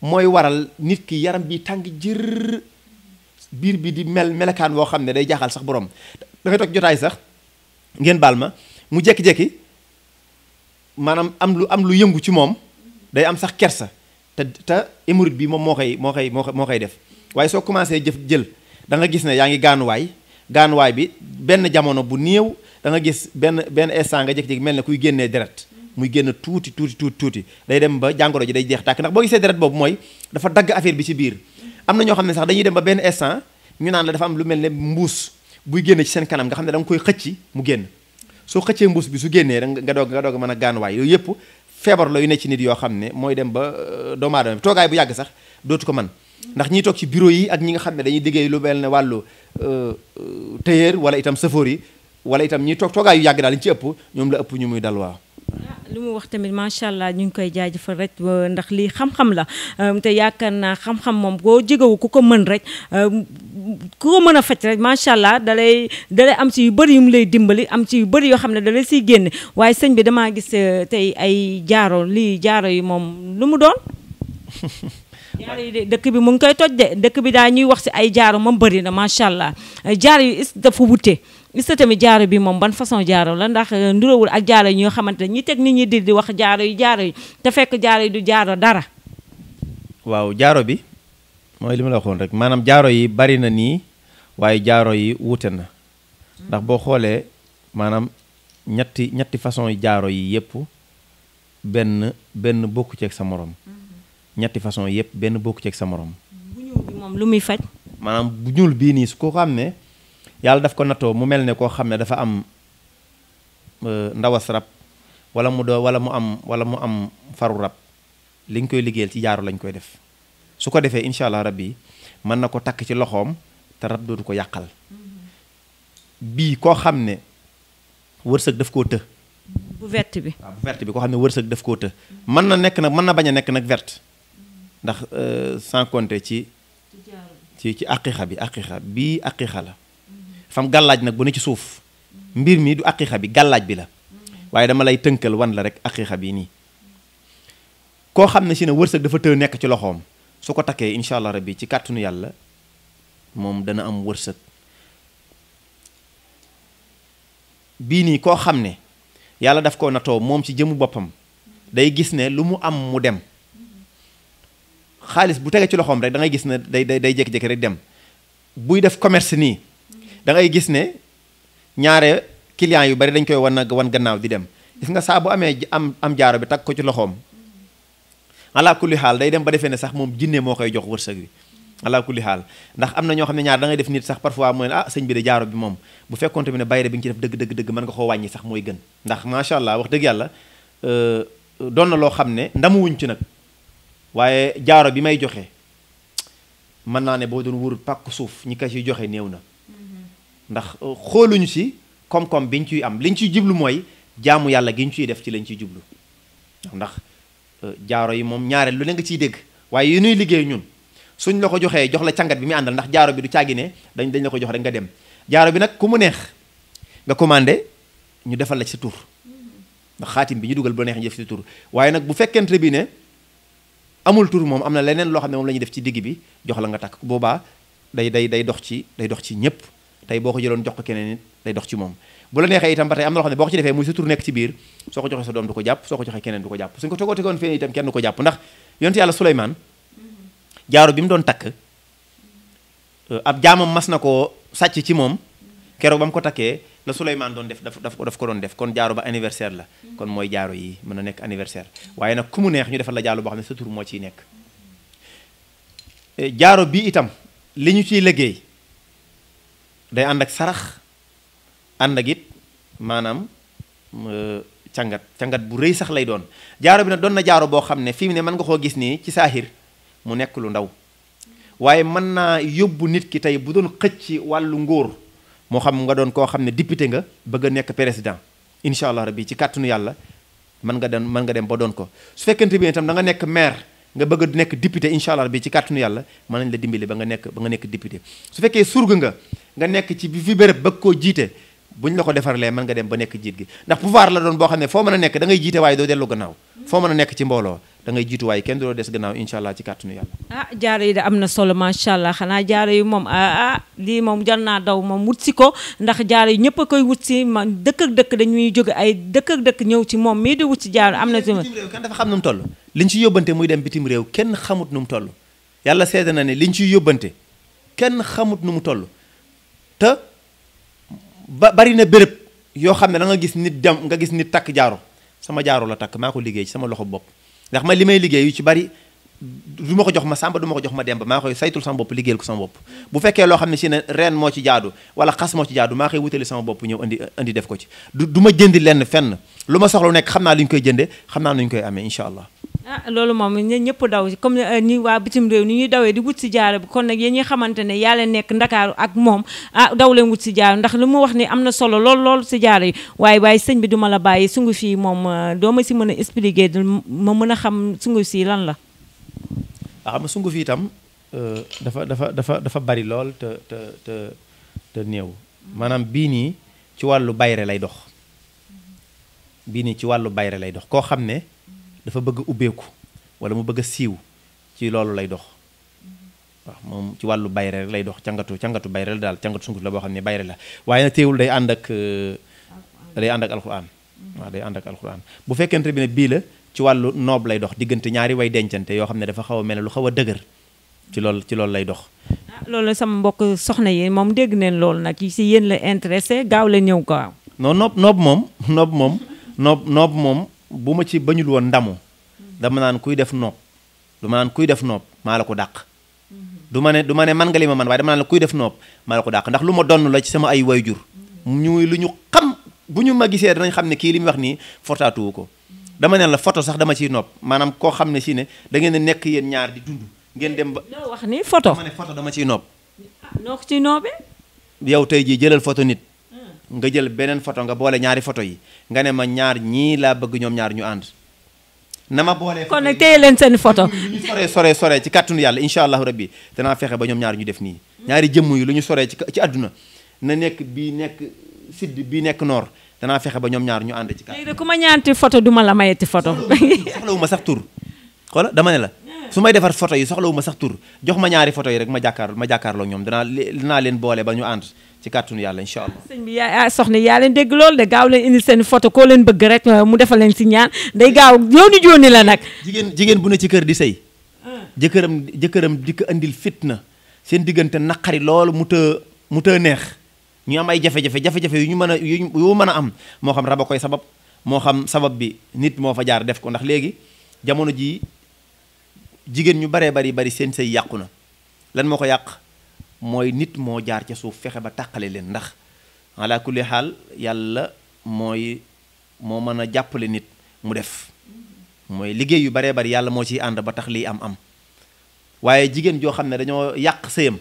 mooy waral nit ki yaram bi tàng jër biir bi di mel melekaan woo xam ne day jaaxal sax borom dafay toog jotaay sax ngeen baal ma mu jekki-jekki maanaam am lu am lu yëngu ci moom day am sax kersa te te hémorroïde bi moom moo koy moo koy moo koy moo koy def waaye soo commencé jëf jël danga gis ne yaa ngi gaanuwaay gaanuwaay bi benn jamono bu néew da nga gis benn benn instant nga jékki-jékki mel ne kuy génnee deret muy génn tuuti tuuti tuuti tuuti day dem ba jàngoro ji day jeex tàkk ndax boo gisee deret boobu mooy dafa dagg affaire bi ci biir am na ñoo xam ne sax dañuy dem ba benn instant ñu naan la dafa am lu mel ne mbuus buy génne ci seen kanam nga xam ne da nga koy xëcc mu génn soo xëccee mbuus bi su génnee nga doog nga doog mën a gaanuwaay yooyu yëpp feebar la yu ne ci nit yoo xam ne mooy dem ba euh, doomu aadama toogaay bu yàgg sax dootu ko man ndax ñiy toog ci bureau yi ak ñi nga xam ne dañuy liggéey lu mel ne wàllu euh, euh, tailleur wala itam safoor yi wala itam ñiy toog toogaay yu yàgg daal ñu ci ëpp ñoom la ëpp ñu muy dal waaw ah, li mu wax tamit macha allah ñu ngi koy jaajëfal rek euh, ndax lii xam la te yaakaar naa xam moom boo jegewu ku ko mën rek ko mën a faj rek macha allah dalay dalay am ci yu bëri yu lay dimbali am ci yu bëri yoo xam ne dalay siy génne waaye sëñ bi damaa gis tey ay jaaro lii jaaro yi moom lu mu doon. Jari de dëkk bi mu ngi koy toj de dëkk bi daa ñuy wax si ay jaaro na macha allah eh, jaar yi is dafa wute is tamit jaaro bi moom ban façon jaaro la ndax eh, ndurawul ak jaaro yi ñoo xamante ñi teg nit ñi di di wax jari yi jaaro yi te fekk jaaro yi du dara. waaw jaaro bi mooy li ma la waxoon rek manam jaaro yi bari na ni waaye jaaro yi wute na ndax boo xoolee maanaam ñetti ñetti façon jaaro yi yépp ben benn bokku ceeg sa morom. ñetti façon yëpp benn bokk ci ak sa morom. bu ñuul bi moom lu muy faj. maanaam bu ñuul bii nii su ko xam ne yàlla daf ko nattoo mu mel ne koo xam ne dafa am euh, ndawas rab wala mu doo wala mu am wala mu am faru rab li ñu koy liggéeyal ci jaaro lañ koy def su ko defee incha allah rab yi mën na ko takk ci loxoom te rab dootu ko yàqal mm-hmm. bii koo xam ne wërsëg daf koo të. bu verte bi waaw bu bi koo xam ne wërsëg daf koo të. mën na nekk nag mën na bañ a nekk nag verte. ndax euh, sans compter ci ci ci aqixa bi aqixa bii aqixa la fam gàllaaj nag bu ne ci suuf mbir mi du aqixa bi gàllaaj bi la waaye dama lay tënkal wan la rek aqixa bii nii koo xam ne si ne wërsëg dafa tëë nekk ci loxoom su ko takkee incha allah rabbi ci kàttanu yàlla moom dana am wërsëg bii nii koo xam ne yàlla daf ko natoo moom ci jëmu boppam day gis ne lu mu am mu dem xaalis bu tege ci loxoom rek da ngay gis ne day day day jékki-jékki rek dem buy def commerce nii da ngay gis ne ñaare clients yu bari dañ koy wan wan gannaaw di dem gis nga saa bu amee am am jaaro bi takk ko ci loxoom alaa kulli xaal day dem ba defee ne sax moom jinne moo koy jox wërsëg wi alaa kulli xaal ndax am na ñoo xam ne ñaar da ngay def nit sax parfois mooy ah sëñ bi de jaaro bi moom bu fekkoonte bi ne bayre bi nga ci def dëgg dëgg dëgg mën nga koo wàññi sax mooy gën ndax macha allah wax dëgg yàlla euh, doon na loo xam ne ndamu ci nag waaye jaaro bi may joxe mën naa ne boo doon wóorul pàkk suuf ñi ko ciy joxe néew na ndax euh, xooluñu si koom-koom biñ ciy am liñ ciy jublu mooy jaamu yàlla giñ ciy def ci lañ ciy jublu ndax euh, jaaro yi moom ñaareel lu ne nga ciy dégg waaye yu liggéey ñun suñ la ko joxee jox la càngat bi muy àndal ndax jaaro bi du caagi ne dañ dañ la ko jox rek nga dem jaaro bi nag ku mu neex nga commandé ñu defal la ci sa tur ndax xaatim bi ñu dugal bu neex ñu def ci tur waaye nag bu fekkente bi ne amul tur moom am na leneen loo xam ne moom la def ci digg bi jox la nga takk boobaa day day day dox ci day dox ci ñëpp tay boo ko jëloon jox ko keneen day dox ci moom bu la neexee itam ba tey am na loo xam ne boo ko ci defee muy sa tur nekk ci biir soo ko joxee sa doom du ko jàpp soo ko joxee keneen du ko jàpp suñ ko tegoo tegoon feneen itam kenn du ko jàpp ndax yonent yàlla Suleymaan mm-hmm. jaaro bi mu doon takk euh, ab jaamam mas na koo sàcc ci moom keroog bam ko také la souleyman don def daf daf ko don def kon jaaru ba anniversaire la kon moy jaaru yi mën a nekk anniversaire waye nak kumu neex ñu defal la jaaro bo xam sa tour mo ci nek eh, jaaru bi itam liñu ci liggéey day ànd ak sarax ànd ak it manam eh, cangat cangat bu rëy sax lay doon jaaru bi na doon na jaaru bo xam fi fii ne man nga ko gis ni ci sahir mu nek lu ndaw waye man na yobbu nit ki tay bu doon xëcc walu ngor moo xam nga doon koo xam ne député nga bëgg a nekk président incha allah rabi ci kàttanu yàlla mën nga dem mën nga dem ba doon ko su fekkente bi itam da nekk maire nga bëgg a nekk député incha allah rabi ci kàttanu yàlla mën nañ la dimbali ba nga nekk ba nga nekk député fekkee surga nga nga nekk ci bi fi béréb bëgg koo jiite buñ la ko defarlee mën nga dem ba nekk jiit gi ndax pouvoir la doon boo xam ne foo mën a nekk da ngay jiite waaye doo dellu gannaaw foo mën a nekk ci mbooloo dangay jiituwaay jiitu kenn du des gannaaw incha allah ci kàttanu yàlla. ah jaaro yi de am na solo macha allah xanaa jaaro yi moom ah, ah lii moom jar naa daw moom wut si ko ndax jaaro yi ñëpp a koy wut si ma dëkk ak dëkk dañuy jóge ay dëkk dëkk ñëw ci moom mii di wut jaaro am na. kenn dafa xam nu mu toll. liñ ci yóbbante muy dem bitim réew kenn xamut nu mu toll yàlla seede na ne liñ ciy yóbbante kenn xamut nu mu toll te ba bari na bërëb yoo xam ne da nga gis nit dem nga gis nit takk jaaro sama jaaro la takk maa ko liggéey ci sama loxo bopp ndax ma limay may liggéey yu ci bari du ma ko jox ma sàmba du ma ko jox ma demba maa koy saytul sama bopp liggéeyal ko sama bopp bu fekkee loo xam ne si ne reen moo ci jaadu wala xas moo ci jaadu maa koy wutali sama bopp ñëw indi indi def ko ci du ma jëndi lenn fenn lu ma soxla nekk xam naa lu ñu koy jëndee xam naa nu ñu koy amee incha allah ah loolu moom ñun ñëpp daw comme euh, ni waa bitim réew ni ñuy dawee di wut si jaaro bi kon nag yéen ñi xamante ne yaa leen nekk ndakaaru ak moom ah daw leen wut si jaaro ndax lu mu wax ni am na solo lool lool si jaaro yi waaye waaye sëñ bi duma la bàyyi sungu fii moom euh, doo ma si mën a expliquer ma mën a xam sungu si lan la. ah xam nga sungu fi euh, dafa dafa dafa dafa bari lool te te te néew maanaam bii nii ci wàllu bayre lay dox bii nii ci wàllu bayre lay dox koo xam ne. dafa bëgg a ubbeeku wala mu bëgg siiw ci loolu lay dox waaw moom ci wàllu bayre lay dox cangatu cangatu bayre la daal cangatu sunguf la boo xam ne bayre la waaye nag teewul day ànd ak euh, day ànd ak alxuraan mm-hmm. waa day ànd ak alxuraan bu fekkente bi ne bii la ci wàllu noob lay dox diggante ñaari way dencante yoo xam ne dafa xaw a mel ne lu xaw a dëgër ci loolu ci loolu lay dox ah, loolu sama mbokk soxna yi moom dégg neen loolu nag yi si yéen la intéressé gaaw ñëw gaaw non noob moom noob moom noob noob moom bu ma ci bañul woon ndamu dama naan kuy def nopp ma naan kuy def nopp maa la ko dàq mm-hmm. du ma ne du ma ne man nga li ma man waaye dama naan la kuy def nopp maa la ko dàq ndax lu ma donn la ci sama ay way jur mm-hmm. ñuy lu ñu xam bu ñu ma gisee danañ xam ne kii li muy wax nii fortaatuwu ko mm-hmm. dama ne la photo sax dama ciy nopp maanaam koo xam ne sii ne dangeen ngeen nekk yéen ñaar di dund ngeen dem ba loo wax ni photo dama dama ciy nopp ah, noo ko ciy yow tey jii jëlal photo nit nga jël beneen photo nga boole ñaari photo yi nga ne ma ñaar ñii laa bëgg ñoom ñaar ñu ànd na ma boolee kon nag téye leen seen photo sore sore ci kàttanu yàlla incha allahu rabbi danaa fexe ba ñoom ñaar ñu def nii ñaari jëmm yi lu ñu soree ci ci àdduna na nekk bii nekk sud bii nekk nord danaa fexe ba ñoom ñaar ñu ànd ci léegi ku ma ñaanti ma la mayeti photo soxlawu ma sax tur xoola dama ne la su may defar photo yi soxlawu ma sax tur jox ma ñaari photo yi rek ma jàkkaar ma jàkkaarloo ñoom danaa danaa leen boole ba ñu ànd ci kàttanu yàlla incha allah. sëñ bi yaa soxna yaa leen dégg lool de gaaw leen indi seen photo koo leen bëgg rek euh, mu defal leen si ñaan day gaaw yoonu jooni la nag. jigéen jigéen bu ne ci kër di sëy jëkkëram jëkkëram di indil andil na seen diggante naqari lool mu të mu të neex ñu am ay jafe-jafe jafe-jafe yu ñu mën a yu mën a am moo xam raba koy sabab moo xam sabab bi nit moo fa jaar def ko ndax léegi jamono jii jigéen ñu baree bari bari seen sëy yàqu na lan moo ko yàq. mooy nit moo jaar ca suuf fexe ba tàqale leen ndax ala kulli xaal yàlla mooy moo mën a jàppale nit mu def mooy liggéey yu baree bari yàlla moo ciy ànd ba tax lii am am waaye jigéen joo xam ne dañoo yàq sëyam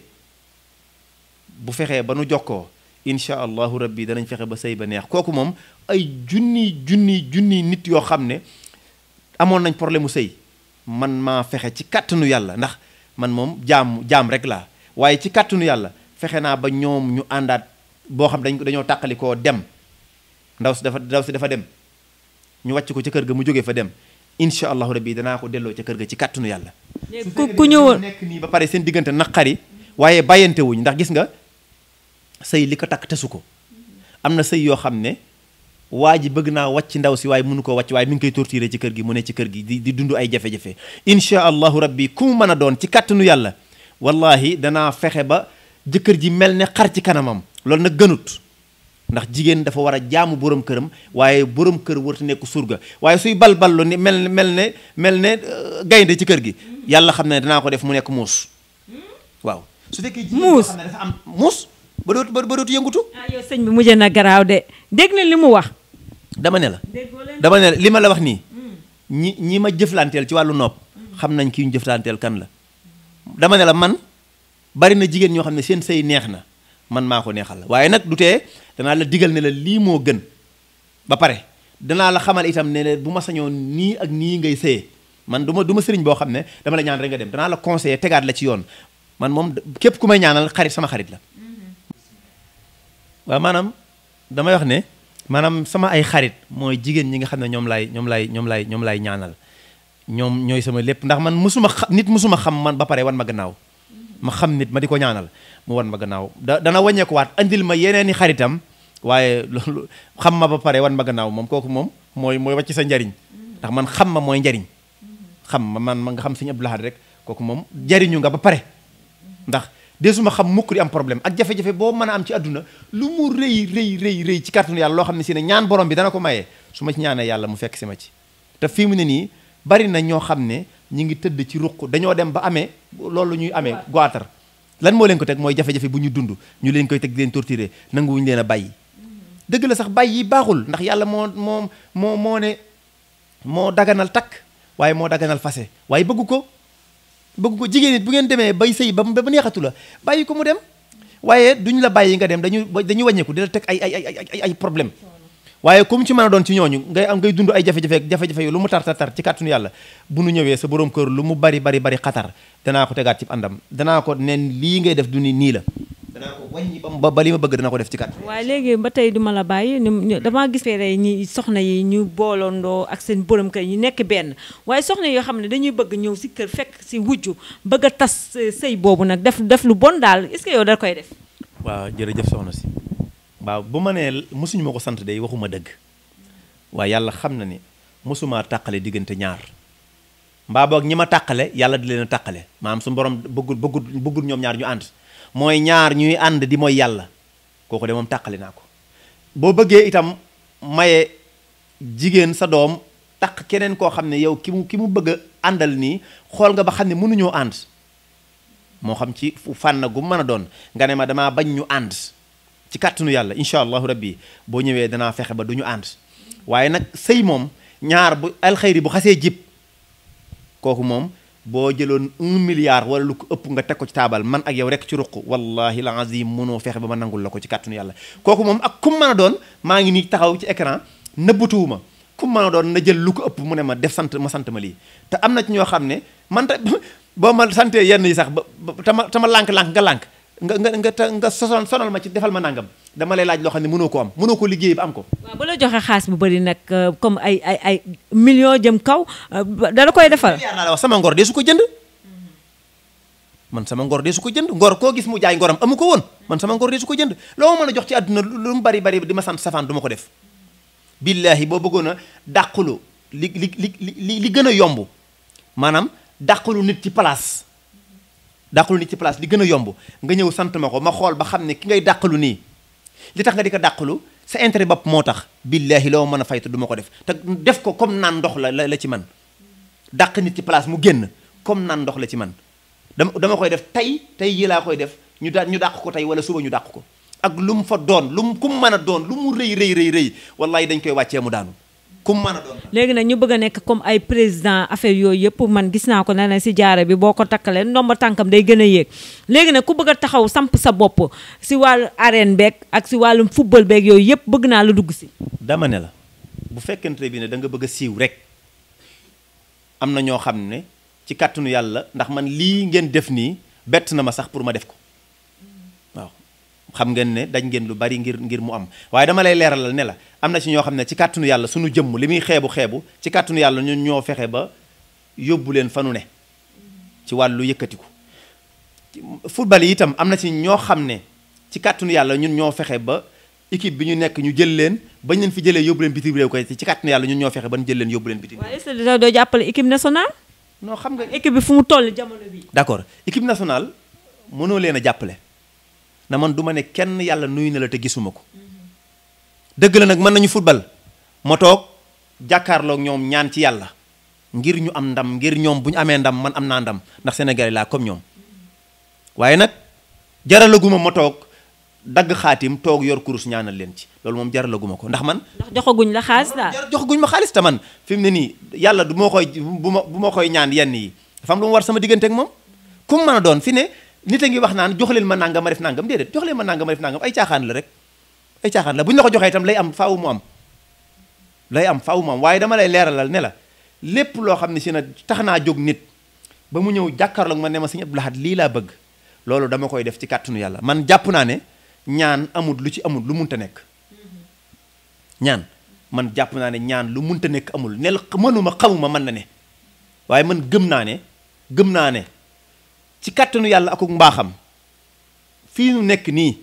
bu fexee ba nu jokkoo incha allahu rabbi danañ fexe ba sëy ba neex kooku moom ay junni junni junni nit yoo xam ne amoon nañ problème mu sëy man maa fexe ci kàttanu yàlla ndax man moom jaam jaam rek laa waaye ci kàttanu yàlla fexe naa ba ñoom ñu àndaat boo xam dañ dañoo tàqali koo dem ndaw si dafa ndaw si dafa dem ñu wàcc ko ca kër gi mu jóge fa dem incha allahu rabbi danaa ko delloo ca kër ga ci kàttanu yàlla. ku ñëwoon nekk nii ba pare seen diggante naqari waaye bàyyante wuñ ndax gis nga sëy li ko takk tasu ko am na sëy yoo xam ne waa ji bëgg naa wàcc ndaw si waaye mënu ko wàcc waaye mi ngi koy torturer ci kër gi mu ne ci kër gi di di dund ay jafe-jafe incha allahu rabbi mën a doon ci kàttanu yàlla. wallahi danaa fexe ba jëkkër ji mel ne xar ci kanamam loolu nag gënut ndax jigéen dafa war a jaamu boroom këram waaye borom kër warta nekk surga waaye suy balbal lu ni mel ne mel ne mel euh, gaynde ci kër gi yàlla xam ne danaa ko def mu nekk muus waaw su fekkee jigéen xam muus ba dootu ba dootu yëngutu ah, sëñ bi mujj na garaaw de dégg na li mu wax dama ne la dama ne la li ma la wax nii hmm. ñi ñi ma jëflanteel ci wàllu nopp xam nañ ki ñu jëflanteel kan la dama ne la man bari na jigéen ñoo xam ne seen sëy neex na man maa ko neexal la waaye nag du tee danaa la digal ne la lii moo gën ba pare danaa la xamal itam ne bu ma sañoon nii ak nii ngay sëyee man du ma du ma boo xam ne dama la ñaan rek nga dem danaa la conseiller tegaat la ci yoon man moom képp ku may ñaanal xarit sama xarit la. Mm-hmm. waaw maanaam damay wax ne maanaam sama ay xarit mooy jigéen ñi nga xam ne ñoom laay ñoom laay ñoom laay ñoom laay ñaanal. ñom ñoy sama lepp ndax man musuma nit musuma xam man ba pare wan ma gannaaw mm-hmm. ma xam nit ma diko ñaanal mu wan ma gannaaw ko wat andil ma yeneeni xaritam waye loolu xam ma ba pare wan ma gannaaw mom koku mom moy moy wacc sa ndariñ mm-hmm. ndax man xam ma moy ndariñ mm-hmm. xam ma man ma nga xam seigne Abdou rek koku mom jariñu nga ba pare ndax desuma xam mukkuri am problème ak jafé jafé bo meuna am ci rei, lu mu reuy reuy reuy reuy ci carton yalla lo xamni ci ne ñaan borom bi dana ko maye suma ci ñaané yalla mu fekk sima ci te ne bari na ñoo xam ne ñu ngi tëdd ci ruq dañoo dem ba amee loolu ñuy amee goitar lan moo leen ko teg mooy jafe-jafe bu ñu dund ñu leen koy teg di leen torturer nanguwuñu leen a bàyyi mm-hmm. dëgg la sax bàyyi yi baaxul ndax yàlla moo moo moo moo ne moo daganal takk waaye moo daganal fase waaye bëggu ko bëgg ko jigéen it bu ngeen demee bay sëy ba ba neexatu la bàyyi ko mu dem mm-hmm. waaye duñ la bàyyi nga dem dañu dañu wàññeeku di la teg ay ay ay ay problème waaye comme ci mën a doon ci ñooñu ngay am ngay dund ay jafe-jafe jafe-jafe lu mu tar tar tar ci kàttanu yàlla bu nu ñëwee sa boroom kër lu mu bari bari bari xatar danaa ko tegaat ci àndam danaa ko nen lii ngay def du ni nii la danaa ko wàññi ba ba li ma bëgg dana ko def ci kàttan waaye léegi ba tey duma la bàyyi damaa gis feere ñi soxna yi ñu booloon doo ak seen borom kër yi nekk benn waaye soxna yoo xam ne dañuy bëgg ñëw si kër fekk si wujj bëgg a tas eh, sëy boobu nag def def lu bon daal est koy def waaw jërëjëf soxna si waaw bu ma nee mosuñu ma ko sant day waxuma dëgg waaye yàlla xam na ni mësumaa tàqale diggante ñaar mbaa boog ñi ma tàqale yàlla di leen a maa maanaam suñu borom bëggul bëggul bëggul ñoom ñaar ñu ànd mooy ñaar ñuy ànd di mooy yàlla kooku de moom tàqale naa ko boo bëggee itam maye jigéen sa doom taq keneen koo xam ne yow ki mu ki mu bëgg àndal nii xool nga ba xam ne mënuñoo ànd moo xam ci fànn gu mën a doon nga ne ma damaa bañ ñu ànd ci kàttanu yàlla incha allahu rabbi boo ñëwee danaa fexe ba du ñu ànd waaye nag sëy moom ñaar bu alxayri bu xasee jib kooku moom boo jëloon un milliard wala lu ko ëpp nga teg ko ci taabal man ak yow rek ci ruq wallahi la azim mënoo fexe ba ma nangul la ko ci kàttanu yàlla kooku moom ak kum mën doon maa ngi nii taxaw ci écran nëbbatuwuma kum mën a doon na jël lu ko ëpp mu ne ma def sant ma sant ma lii te am na ci ñoo xam ne man te boo ma santee yenn yi sax ba tama tama lànk-lànk nga nga nga nga nga sosoon sonal ma ci defal ma nangam dama lay laaj loo xam ne mënoo ko am mënoo ko liggéey ba am ko. waaw ba la joxe xaas bu bëri nag euh, comme ay ay ay million jëm kaw euh, dala koy defal. milliard sama ngor de su ko jënd. man sama ngor de su ko jënd ngor koo gis mu jaay ngoram amu ko woon man sama ngor de su ko jënd loo mën a jox ci àdduna lu mu bari bari di ma sant safaan du ma ko def. billaahi boo bëggoon a dàqulu li li li li li gën a yomb maanaam dàqulu nit ci place dàqalu nit ci place li gën a yomb nga ñëw sant ma ko ma xool ba xam ne ki ngay dàqalu nii li tax nga di ko dàqalu sa intérêt bopp moo tax billaahi loo mën a faytu du ma ko def te def ko comme naan ndox la la ci man dàq nit ci place mu génn comme naan ndox la ci man dama dama koy def tey tey yi laa koy def ñu da ñu dàq ko tey wala suba ñu dàq ko ak lu mu fa doon lu mu ku mu mën a doon lu mu rëy rëy rëy rëy wallahi dañ koy wàccee mu daanu ku mën a doon. léegi nag ñu bëgg a nekk comme ay président affaire yooyu yëpp man gis naa ko ne na si jaara bi boo ko takkalee ndomba tànkam day gën a yéeg léegi nag ku bëgg a taxaw samp sa bopp si wàllu arène beeg ak si wàllum football beeg yooyu yëpp bëgg naa la dugg si. dama ne la bu fekkente bi ne da bëgg a siiw rek am na ñoo xam ne ci kàttanu yàlla ndax man lii ngeen def nii bett na ma sax pour ma def ko. xam ngeen ne dañ ngeen lu bari ngir ngir mu am waaye dama lay leeralal ne la am na si ñoo xam ne ci kàttanu yàlla suñu jëmm li muy xeebu xeebu ci kàttanu yàlla ñun ñoo fexe ba yóbbu leen fanu ne ci wàllu yëkkatiku football yi itam am na ci ñoo xam ne ci kàttanu yàlla ñun ñoo fexe ba équipe bi ñu nekk ñu jël leen bañ fi jëlee yóbbu leen bitim réew koy ci kàttanu yàlla ñun ñoo fexe ba ñu jël leen yóbbu leen bitim réew. waaye est-ce que doo jàppale équipe nationale. non xam nga équipe bi fu mu toll jamono bi. équipe nationale mënoo leen a jàppale na man du ma ne kenn yàlla nuyu na la te gisuma ko dëgg la nag mën nañu football ma toog jàkkaarloog ñoom ñaan ci yàlla ngir ñu am ndam ngir ñoom bu ñu amee ndam man am naa ndam ndax Sénégalais laa comme ñoom waaye nag jaralaguma ma toog dagg xaatim toog yor kurus ñaanal leen ci loolu moom jaralaguma ko ndax man. ndax joxaguñ la xaalis daal joxaguñ ma xaalis te man fi mu ne nii yàlla du ma koy bu ma bu ma koy ñaan yenn yi dafa lu ma war sama diggante ak moom. kum mën nit a ngi wax naan jox leen ma nàngam a def nangam déedéet jox leen ma nangam ma def nangam ay caaxaan la rek ay caaxaan la bu ñu la ko joxee tam lay am faaw mu am lay am faaw am waaye dama lay leeralal ne la lépp loo xam ne si na tax naa jóg nit ba mu ñëw jàkkaarloog ma ne ma sëñ Abdou Lahad lii laa bëgg loolu dama koy def ci kàttanu yàlla man jàpp naa ne ñaan amut lu ci amul lu munta nekk ñaan man jàpp naa ne ñaan lu munta nekk amul ne mënuma xamuma mën na ne waaye man gëm naa ne gëm naa ne ci kàttanu yàlla akuk mbaaxam fii nu nekk nii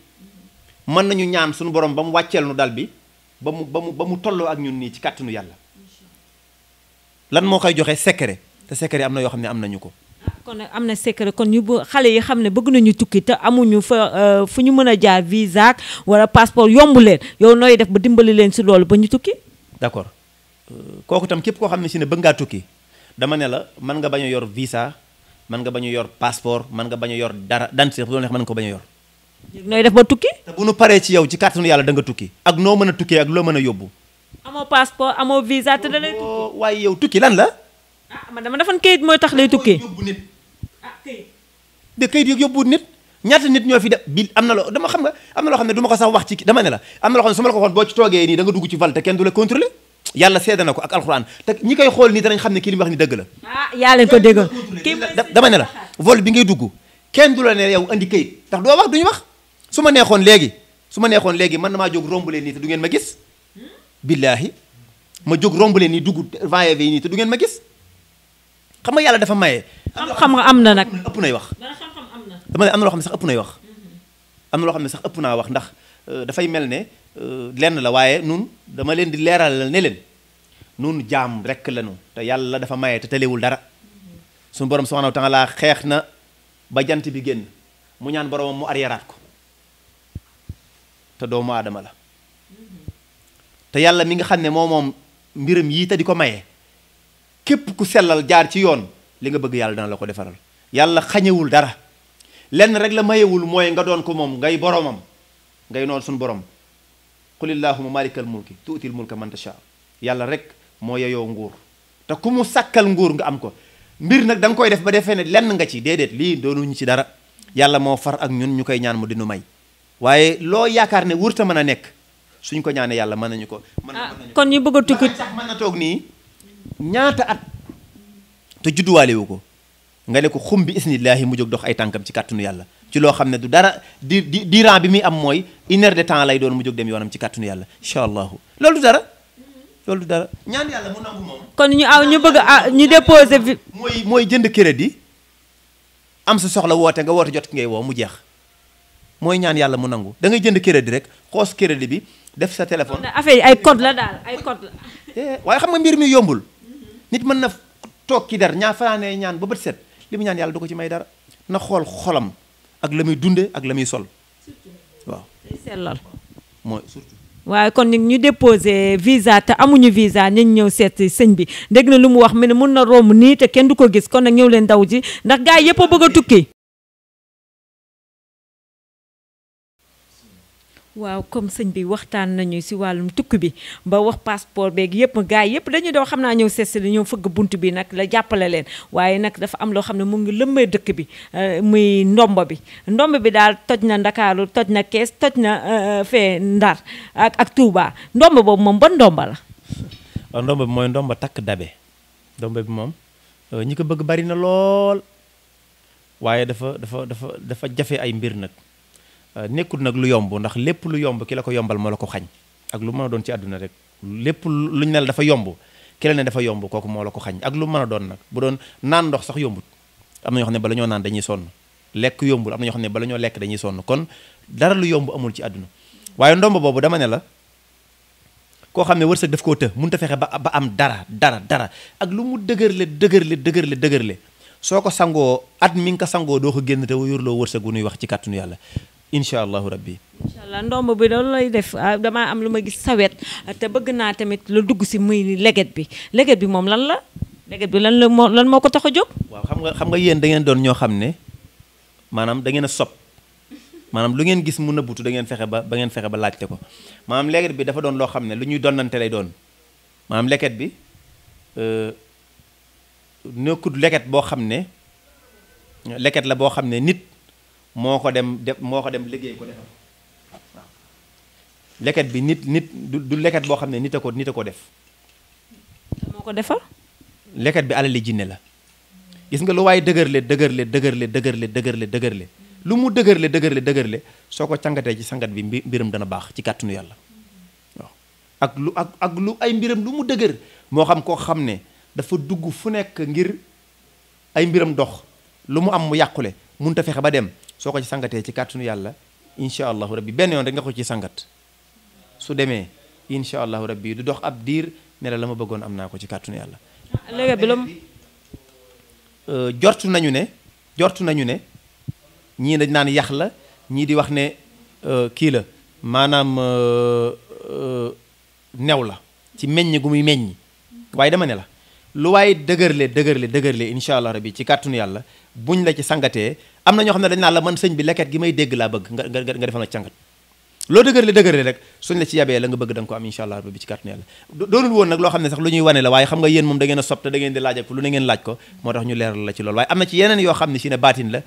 mën nañu ñaan suñu borom ba mu wàcceel nu dal bi ba mu ba mu ba mu tolloo ak ñun nii ci kàttanu yàlla lan moo koy joxe secret te secret am na yoo xam ne am nañu ko kon am na secret kon ñu bu xale yi xam ne bëgg nañu tukki te amuñu fa euh, fu ñu mën a jaar visa wala passeport yomb leen yow nooy def ba dimbali leen si loolu ba ñu tukki d'accord euh, kooku tam képp koo xam ne si ne bëgg ngaa tukki dama ne la mën nga bañ a yor visa mën nga bañ a yor passeport mën nga bañ a yor dara dentité bu doon neex mën nga ko bañ a yor nooy def ba tukki te bu nu paree ci yow ci kàttanu yàlla da nga tukki ak noo mën a tukkee ak loo mën a yóbbu amoo passeport amoo visa te da lay tukki oh, waaye yow tukki lan la ah dama defan kayit mooy tax lay tukkee yóbbu nit ah kayit de ñaata nit ñoo fi def bi am na loo dama xam nga am na loo xam ne du ma ko sax wax ci dama ne la am na loo xam ne su ma la ko waxoon boo ci toogee nii da dugg ci val te kenn du la contrôler yàlla seede na ak alcorane te ñi koy xol ni dañ xamne ki kii wax ni dëgg la. ah yalla ko déggal. dama ne la vol bi ngay dugg kenn du la ne yow andi kayit tax do wax duñu wax suma ma neexoon suma su ma man na maa jóg rombulé ni te du ngeen ma gis. billahi ma jóg rombulé ni dugg vaayé bi ni te du ngeen ma gis xam nga yàlla dafa maye. xam-xam nga amna nak ëpp nay wax. dama ne am na loo xam ne sax ëpp nay wax. amna lo xamne sax ëpp na wax ndax da fay melne Euh, lenn la waaye nun dama leen di leeral ne leen nun jaam rekk lañu te yàlla dafa maye te tëlewul dara suñ borom subhanahu wa taala xeex na ba jant bi génn mu ñaan boromam mu arriéraat ko te doomu aadama la te yàlla mi nga xam ne moo moom mbiram yii te di ko maye képp ku sellal jaar ci yoon li nga bëgg yàlla dana la ko defaral yàlla xañewul dara lenn rek la mayewul mooy nga doon ko moom ngay boroomam ngay noon suñu borom qul illahuma malikal mulki tuutil mulka man tasha yàlla rek moo yeyoo nguur te ku mu sàkkal nguur nga am ko mbir nag da nga koy def ba defee ne lenn nga ci déedéet lii doonuñu ci dara yàlla moo far ak ñun ñu koy ñaan mu dinu may waaye loo yaakaar ne wurta mën a nekk suñ ko ñaanee yàlla mën nañu ko mën ah, nañu kon ñu bëgg a tukki sax mën na toog nii ñaata at te judduwaale wu ko nga ne ko xum bi isnillaahi mu jóg dox ay tànkam ci kàttanu yàlla ci loo xam ne du dara di di diiran bi muy am mooy une heure de temps lay doon mu jóg dem yoonam ci kàttanu yàlla incha allahu loolu dara loolu dara ñaan yàlla mu nangu moom kon ñu aw ah, ñu bëgg a ah, ñu déposé bi mooy mooy jënd crédit am sa soxla woote nga woote jot ki ngay woo mu jeex mooy ñaan yàlla mu nangu da ngay jënd crédit rek xoos crédit bi def sa téléphone affaire yi ay code la daal ay code eh, waaye xam nga mbir mi yombul nit mën na toog ki der ñaa fanaanee ñaan ba bët set li mu ñaan yàlla du ko ci may dara na xool xolam ak la muy dunde ak la muy sol waaw sellal kon nit ñu déposé visa te amuñu visa nañ ñëw seet sëñ bi dégg na lu mu wax mu ne mun na romb nii te kenn du ko gis kon nag ñëw leen daw ji ndax gars yi a bëgg a tukki waaw comme sëñ bi waxtaan nañu si wàllum tukki bi ba wax passeport beeg yëpp gars yi yëpp dañu doo xam naa ñëw sees li ñëw fëgg bunt bi nag la jàppale leen waaye nag dafa am loo xam ne mu ngi lëmbee dëkk bi euh, muy ndomb bi ndomb bi daal toj na ndakaaru toj na kees toj na euh, fee ndar ak ak Touba ndomb boobu moom ban ndomba la waaw bi mooy ndomba takk dabe ndomb bi moom euh, ñi ko bëgg bari na lool waaye dafa dafa dafa dafa jafe ay mbir nag nekkul nag lu yomb ndax lépp lu yomb ki la yombal moo la ko xañ ak lu mën a doon ci àdduna rek lépp luñ ne la dafa yomb ki la ne dafa yomb kooku moo la ko xañ ak lu mën a doon bu doon ndox sax yombut am na dañuy yombul am na dañuy kon dara lu yomb amul ci àdduna waaye ndomb boobu dama ne la koo xam ne daf ba ba am dara dara dara ak lu mu dëgërle dëgërle dëgërle dëgërle soo ko sangoo at mi nga ko sangoo doo ko génn te wóorloo wërsëg wu nuy wax ci incha allahu rabbi incha allah ndomb bi loolu lay def ah, damaa am lu ma gis sawet ah, te bëgg naa tamit lu dugg si muy leget bi leget bi moom lan la leget bi lan la moo lan moo ko tax a jóg waaw xam nga xam nga yéen da ngeen doon ñoo xam ne maanaam da ngeen a sob maanaam lu ngeen gis mu nëbbutu da ngeen fexe ba ba ngeen fexe ba laajte ko maanaam leget bi dafa doon loo xam ne lu ñuy donnante lay doon maanaam leget bi euh, nekkut leget boo xam ne leget la boo xam ne nit moo ko dem def moo ko dem liggéey ko defal leket bi nit nit du leket boo xam ne nit a ko nit a ko def moo ko defal leket bi alali jinne la gis nga lu waaye dëgërle le dëgër le dëgërle dëgërle lu mu dëgër dëgërle dëgër dëgërle soo ko cangatee ci sangat bi mbiram dana baax ci kàttanu yàlla ak lu ak ak lu ay mbiram lu mu dëgër moo xam koo xam ne dafa dugg fu nekk ngir ay mbiram dox lu mu am mu yàqule munta fexe ba dem soo ko ci sangatee ci kàttanu yàlla incha allahu rabbi benn yoon rek nga ko ci sangat su demee incha allahu rabbi du dox ab diir ne la ma bëggoon am naa ko ci kàttanu yàlla. léegi bi la euh, jortu nañu ne jortu nañu ne ñii dañ naan yax la ñii di wax ne euh, kii la maanaam euh, new la ci meññ gu muy meññ waaye dama ne la. lu waaye dëgërle dëgërle dëgërle incha allah rabbi ci kàttunu yàlla buñ la ci sangatee am na ñoo xam ne dañ naan la man sëñ bi leket gi may dégg laa bëgg nga nga nga defal ma cangat loo dëgërle dëgërle rek suñ la ci yabee la nga bëgg da ko am incha allah rabbi ci kàttunu yàlla doonul woon nag loo xam ne sax lu ñuy wane la waaye xam nga yéen moom da ngeen a sopp te da ngeen di laaj ak lu ne ngeen laaj ko moo tax ñu leeral la ci loolu waaye am na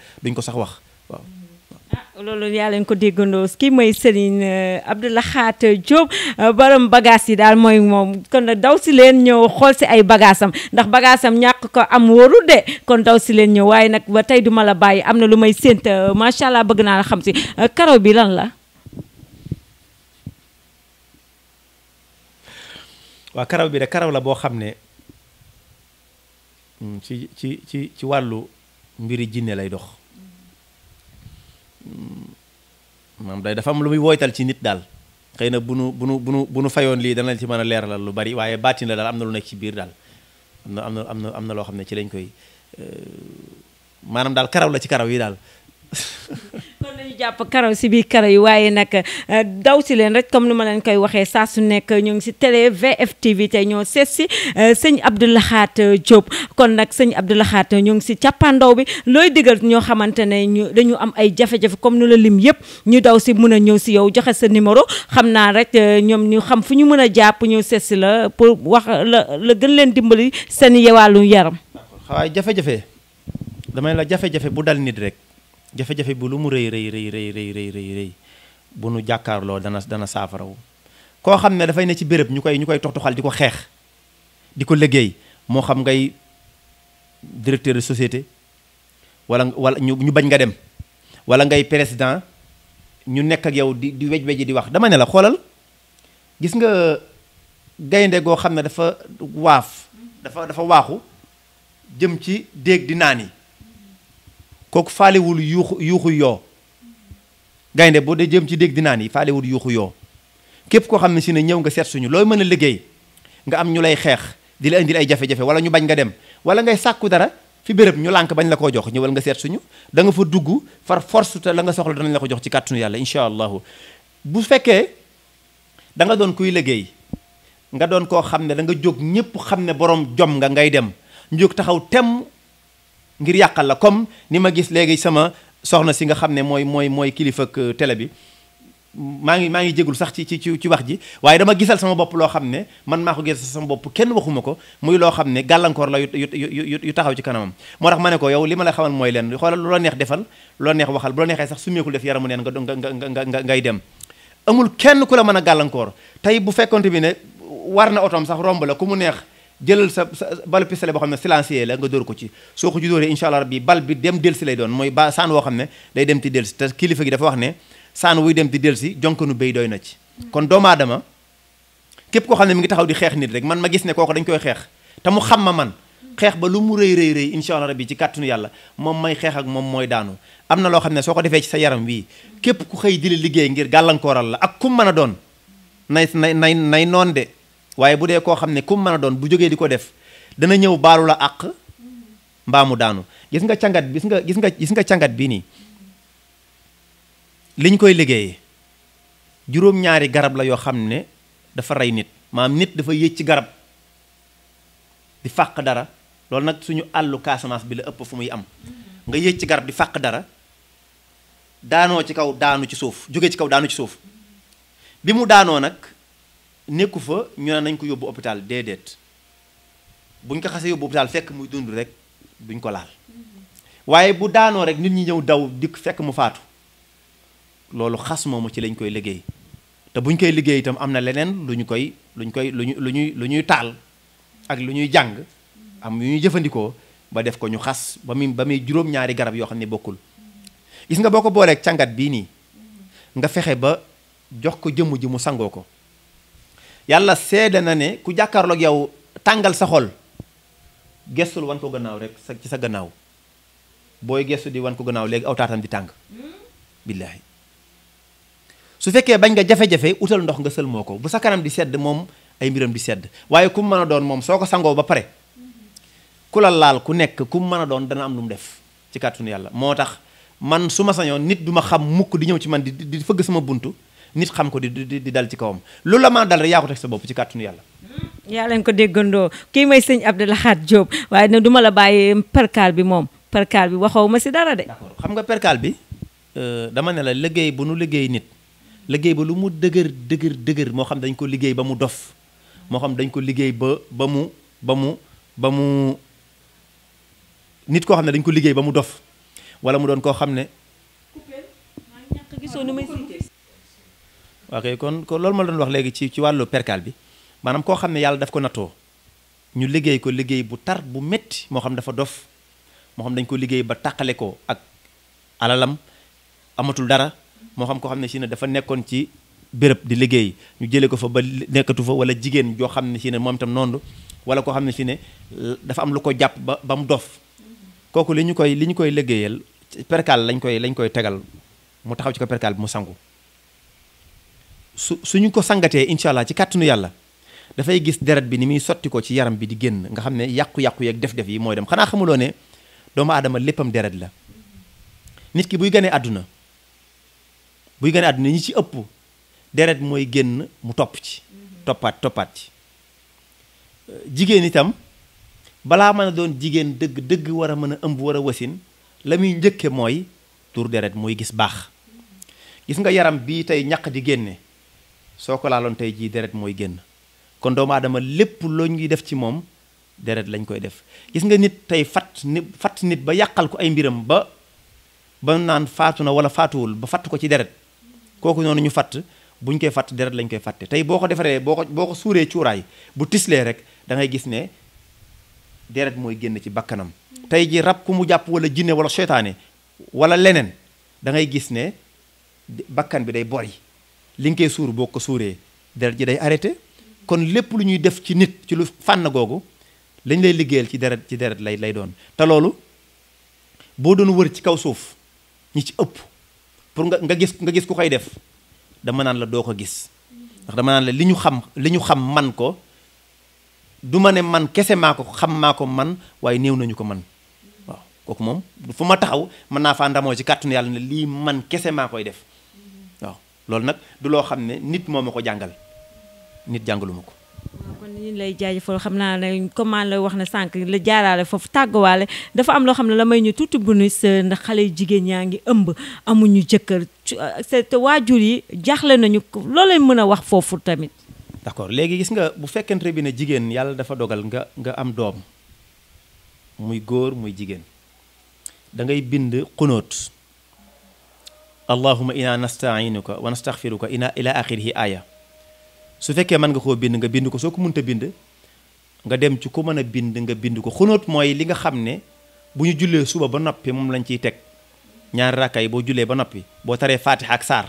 loolu yaa leen ko déggandoo kii mooy Serigne euh, Abdoulahat Diop euh, borom bagages yi daal mooy moom kon daw si leen ñëw xool si ay bagaasam ndax bagaasam ñàkk ko am wóorul de kon daw si leen ñëw waaye nag ba tey duma la bàyyi am na lu may sént euh, macha allah bëgg naa la xam si karaw bi lan la. waaw karaw bi de karaw la boo xam ne hmm, ci ci ci ci wàllu mbiri jinne lay dox. maam day dafa am lu muy woytal ci nit daal xëy na bu nu bu nu bu nu bu nu fayoon lii dana ci mën a leeralal lu bari waaye baatin la daal am na lu nekk ci biir daal am na am na am na am na loo xam ne ci lañ koy euh, maanaam daal karaw la ci karaw yi daal dañu jàpp karaw si biir karaw yi waaye nag euh, daw si leen rek comme nu ma leen koy waxee saa su nekk ñoo ngi si télé VFtv tey ñoo seet si euh, sëñ Abdou Lahat euh, Diop kon nag sëñ Abdou Lahat ñoo ngi si càppaandaw bi looy digal ñoo xamante ne ñu dañu am ay jafe-jafe comme nu la lim yëpp ñu daw si mun a ñëw si yow joxe sa numéro xam naa rek ñoom ñu xam fu ñu mën a jàpp ñu seet si la pour wax la la gën leen dimbali seen wàllu yaram. waaw jafe-jafe damay la jafe-jafe bu dal nit rek. jafe-jafe bu lu mu rëy rëy rëy rëy rëy rëy rëy bu nu jàkkaarloo dana dana saafarawu koo xam ne dafay ne ci béréb ñu koy ñu koy toxtoxal di ko xeex di ko liggéey moo xam ngay directeur de société wala wala ñu ñu bañ nga dem wala ngay président ñu nekk ak yow di di wej weji di wax dama ne la xoolal gis nga gaynde goo xam ne dafa waaf dafa dafa waaxu jëm ci déeg di naan yi kooku faalewul yuuxu yuuxu yoo gaynde boo dee jëm ci dégg naan yi faalewul yuuxu yoo képp koo xam ne si ne ñëw nga seet suñu looy mën a liggéey nga am ñu lay xeex di la indil ay jafe-jafe wala ñu bañ nga dem wala ngay sàkku dara fi bërëb ñu lànk bañ la koo jox ñëwal nga seet suñu danga nga fa dugg far force la nga soxla danañ la ko jox ci kàttanu yàlla incha allahu bu fekkee danga doon kuy liggéey nga doon koo xam ne danga jóg ñëpp xam ne borom jom nga ngay dem ngir yàqal la comme ni ma gis léegi sama soxna si nga xam ne mooy mooy mooy kilifa euh, tele bi maa ngi maa ngi jégul sax ci ci ci wax ji waaye dama gisal sama bopp loo xam ne man maa ko gisal sama bopp kenn waxuma ko muy loo xam ne gàllankoor la yu yu yu taxaw ci kanamam moo tax ma ne ko yow li ma la xamal mooy leen xoolal lu la neex defal lu la neex waxal bu la neexee sax sumeekul def yaramu neen nga nga nga nga ngay dem amul kenn ku la mën a gàllankoor tey bu fekkoonte bi ne war na otoom sax romb la ku mu neex jëlal sa balu pistolet boo xam ne silencieux la nga dóor ko ci soo ko ci dóoree incha allah rabbi bal bi dem delsi lay doon mooy ba saan woo xam ne day dem ti delsi te kilifa gi dafa wax ne saan wuy dem ti delsi jonkanu béy doy na ci kon doomu aadama képp koo xam ne mu ngi taxaw di xeex nit rek man ma gis ne kooku dañ koy xeex te mu xam ma man xeex ba lu mu rëy rëy rëy incha allah rabbi ci kàttanu yàlla moom may xeex ak moom mooy daanu am na loo xam ne soo ko defee ci sa yaram wii képp ku xëy di liggéey ngir gàllankooral la ak ku mën a doon waaye bu dee koo xam ne ku mën a doon bu jógee di ko def dana ñëw baalu la àq mbaa mu daanu gis nga càngat bi nga gis nga gis nga càngat bi nii liñ koy liggéeyee juróom-ñaari garab la yoo xam ne dafa rey nit maam nit dafa yéeg ci garab di fàq dara loolu nag suñu àllu Casamance bi la ëpp fu muy am nga yéeg ci garab di fàq dara daanoo ci kaw daanu ci suuf jóge ci kaw daanu ci suuf bi mu daanoo nag nekku fa ñu ne nañ ko yóbbu hôpital déedéet buñ ko xasee yóbbu hôpital fekk muy dund rek duñ ko laal waaye bu daanoo rek nit ñi ñëw daw dikk fekk mu faatu loolu xas moomu ci lañ koy liggéey te buñ koy liggéey itam am na leneen lu ñu koy lu ñu koy lu ñu lu ñuy lu ñuy taal ak lu ñuy jàng am yu ñuy jëfandikoo ba def ko ñu xas ba muy ba muy juróom-ñaari garab yoo xam ne bokkul gis nga boo ko booleeg càngat bii nii nga fexe ba jox ko jëmm ji mu sangoo ko yàlla seede na ne ku jàkkaarloog yow tàngal sa xol gestul wan ko gannaaw rekk sa ci sa gannaaw booy gestu di wan ko gannaaw léegi aw taatam di tàng hmm? billaahi su fekkee bañ nga jafe-jafe utal ndox nga moo ko bu sa kanam di sedd moom ay mbiram di sedd waaye kum mën a doon moom soo ko sangoo ba pare ku la laal ku nekk kum mën a doon dana am lu mu def ci kàttanu yàlla moo tax man su ma sañoon nit duma xam mukk di ñëw ci man di di fëgg sama buntu nit xam ko di di dal ci kawam loolu la maa dal rek yaa ko teg sa bopp ci kàttanu yàlla yaa leen ko déggandoo kii may sëñ Abdou xaat Diop waaye ne duma la bàyyi percal bi moom perkaal bi waxaw ma si dara de xam nga perkaal bi euh, dama ne la liggéey bu nu liggéey nit liggéey ba lu mu dëgër dëgër dëgër moo xam dañ ko liggéey ba mu dof moo xam dañ ko liggéey ba ba mu ba mu nit koo xam ne dañ ko liggéey ba mu dof wala mu doon koo xam ne. ok kon kon loolu ma doon wax léegi ci ci wàllu perkaal bi maanaam koo xam ne yàlla daf ko nattoo ñu liggéey ko liggéey bu tar bu métti moo xam dafa dof moo xam dañ ko liggéey ba tàqale ko ak alalam amatul dara moo xam koo xam ne si ne dafa nekkoon ci béréb di liggéey ñu jëlee ko fa ba nekkatu fa wala jigéen joo xam ne si ne moom tam noonu wala koo xam ne si ne dafa am lu ko jàpp ba ba mu dof kooku li ñu koy li ñu koy liggéeyal perkaal lañ koy lañ koy tegal mu taxaw ci ko perkaal bi mu sangu su suñu ko sangatee incha allah ci kàttanu yàlla dafay gis deret bi ni muy sotti ko ci yaram bi di génn nga xam ne yàqu-yàqu yeeg def-def yi mooy dem xanaa xamuloo ne doomu aadama léppam deret la nit ki buy ganee àdduna buy ganee àdduna ñi ci ëpp deret mooy génn mu topp ci toppaat toppaat ci jigéen itam balaa mën a doon jigéen dëgg dëgg war a mën a ëmb war a wasin la muy njëkke mooy tur deret mooy gis baax gis nga yaram bii tey ñaq di génne soo ko laaloon tey jii deret mooy génn kon doomu aadama lépp loo ñuy def ci moom deret lañ koy def gis nga nit tey fat nit fat nit ba yàqal ko ay mbiram ba ba naan faatu na wala faatuwul ba fatt ko ci deret kooku noonu ñu fatt buñ koy fatt deret lañ koy fàtte tey boo ko defaree boo ko boo ko suuree cuuraay bu tislee rek dangay gis ne deret mooy génn ci bakkanam tey ji rab ku mu jàpp wala jinne wala seytaane wala leneen da ngay gis ne bakkan bi day bor li nga koy suur boo ko suuree deret ji day arrêté kon lépp lu ñuy def ci nit ci lu fànn googu lañ lay liggéeyal ci deret ci deret lay lay doon te loolu boo doon wër ci kaw suuf ñi ci ëpp pour nga nga gis nga gis ko koy def dama naan la doo ko gis ndax dama naan la li ñu xam li ñu xam man ko du ma ne man kese maa ko xam maa ko man waaye néew nañu ko man waaw kooku moom fu ma taxaw mën naa faa ndamoo ci kàttanu yàlla ne lii man kese maa koy def loolu nag du loo xam ne nit moo ma ko jàngal nit jàngalu ma ko. kon ñu lay jaajëfal xam naa ne comme lay wax na sànq la jaaraale foofu tàgguwaale dafa am loo xam ne la may ñu tuuti bonus ndax xale yu jigéen ñaa ngi ëmb amuñu jëkkër ah, te waajur yi jaaxle nañu loo mën a wax foofu tamit. d'accord léegi gis nga bu fekkente bi ne jigéen yàlla dafa dogal nga nga am doom muy góor muy jigéen da bind xunóot. اللهم انا نستعينك ونستغفرك انا الى اخره ايه aaya su fekkee mën nga koo bind nga bind ko soo ko mënta bind nga dem ci ku mën a bind nga bind ko xunóot mooy li nga xam ne bu ñu jullee suba ba noppi moom lañ ciy teg ñaari rakka yi boo jullee ba noppi boo taree fatiha ak saar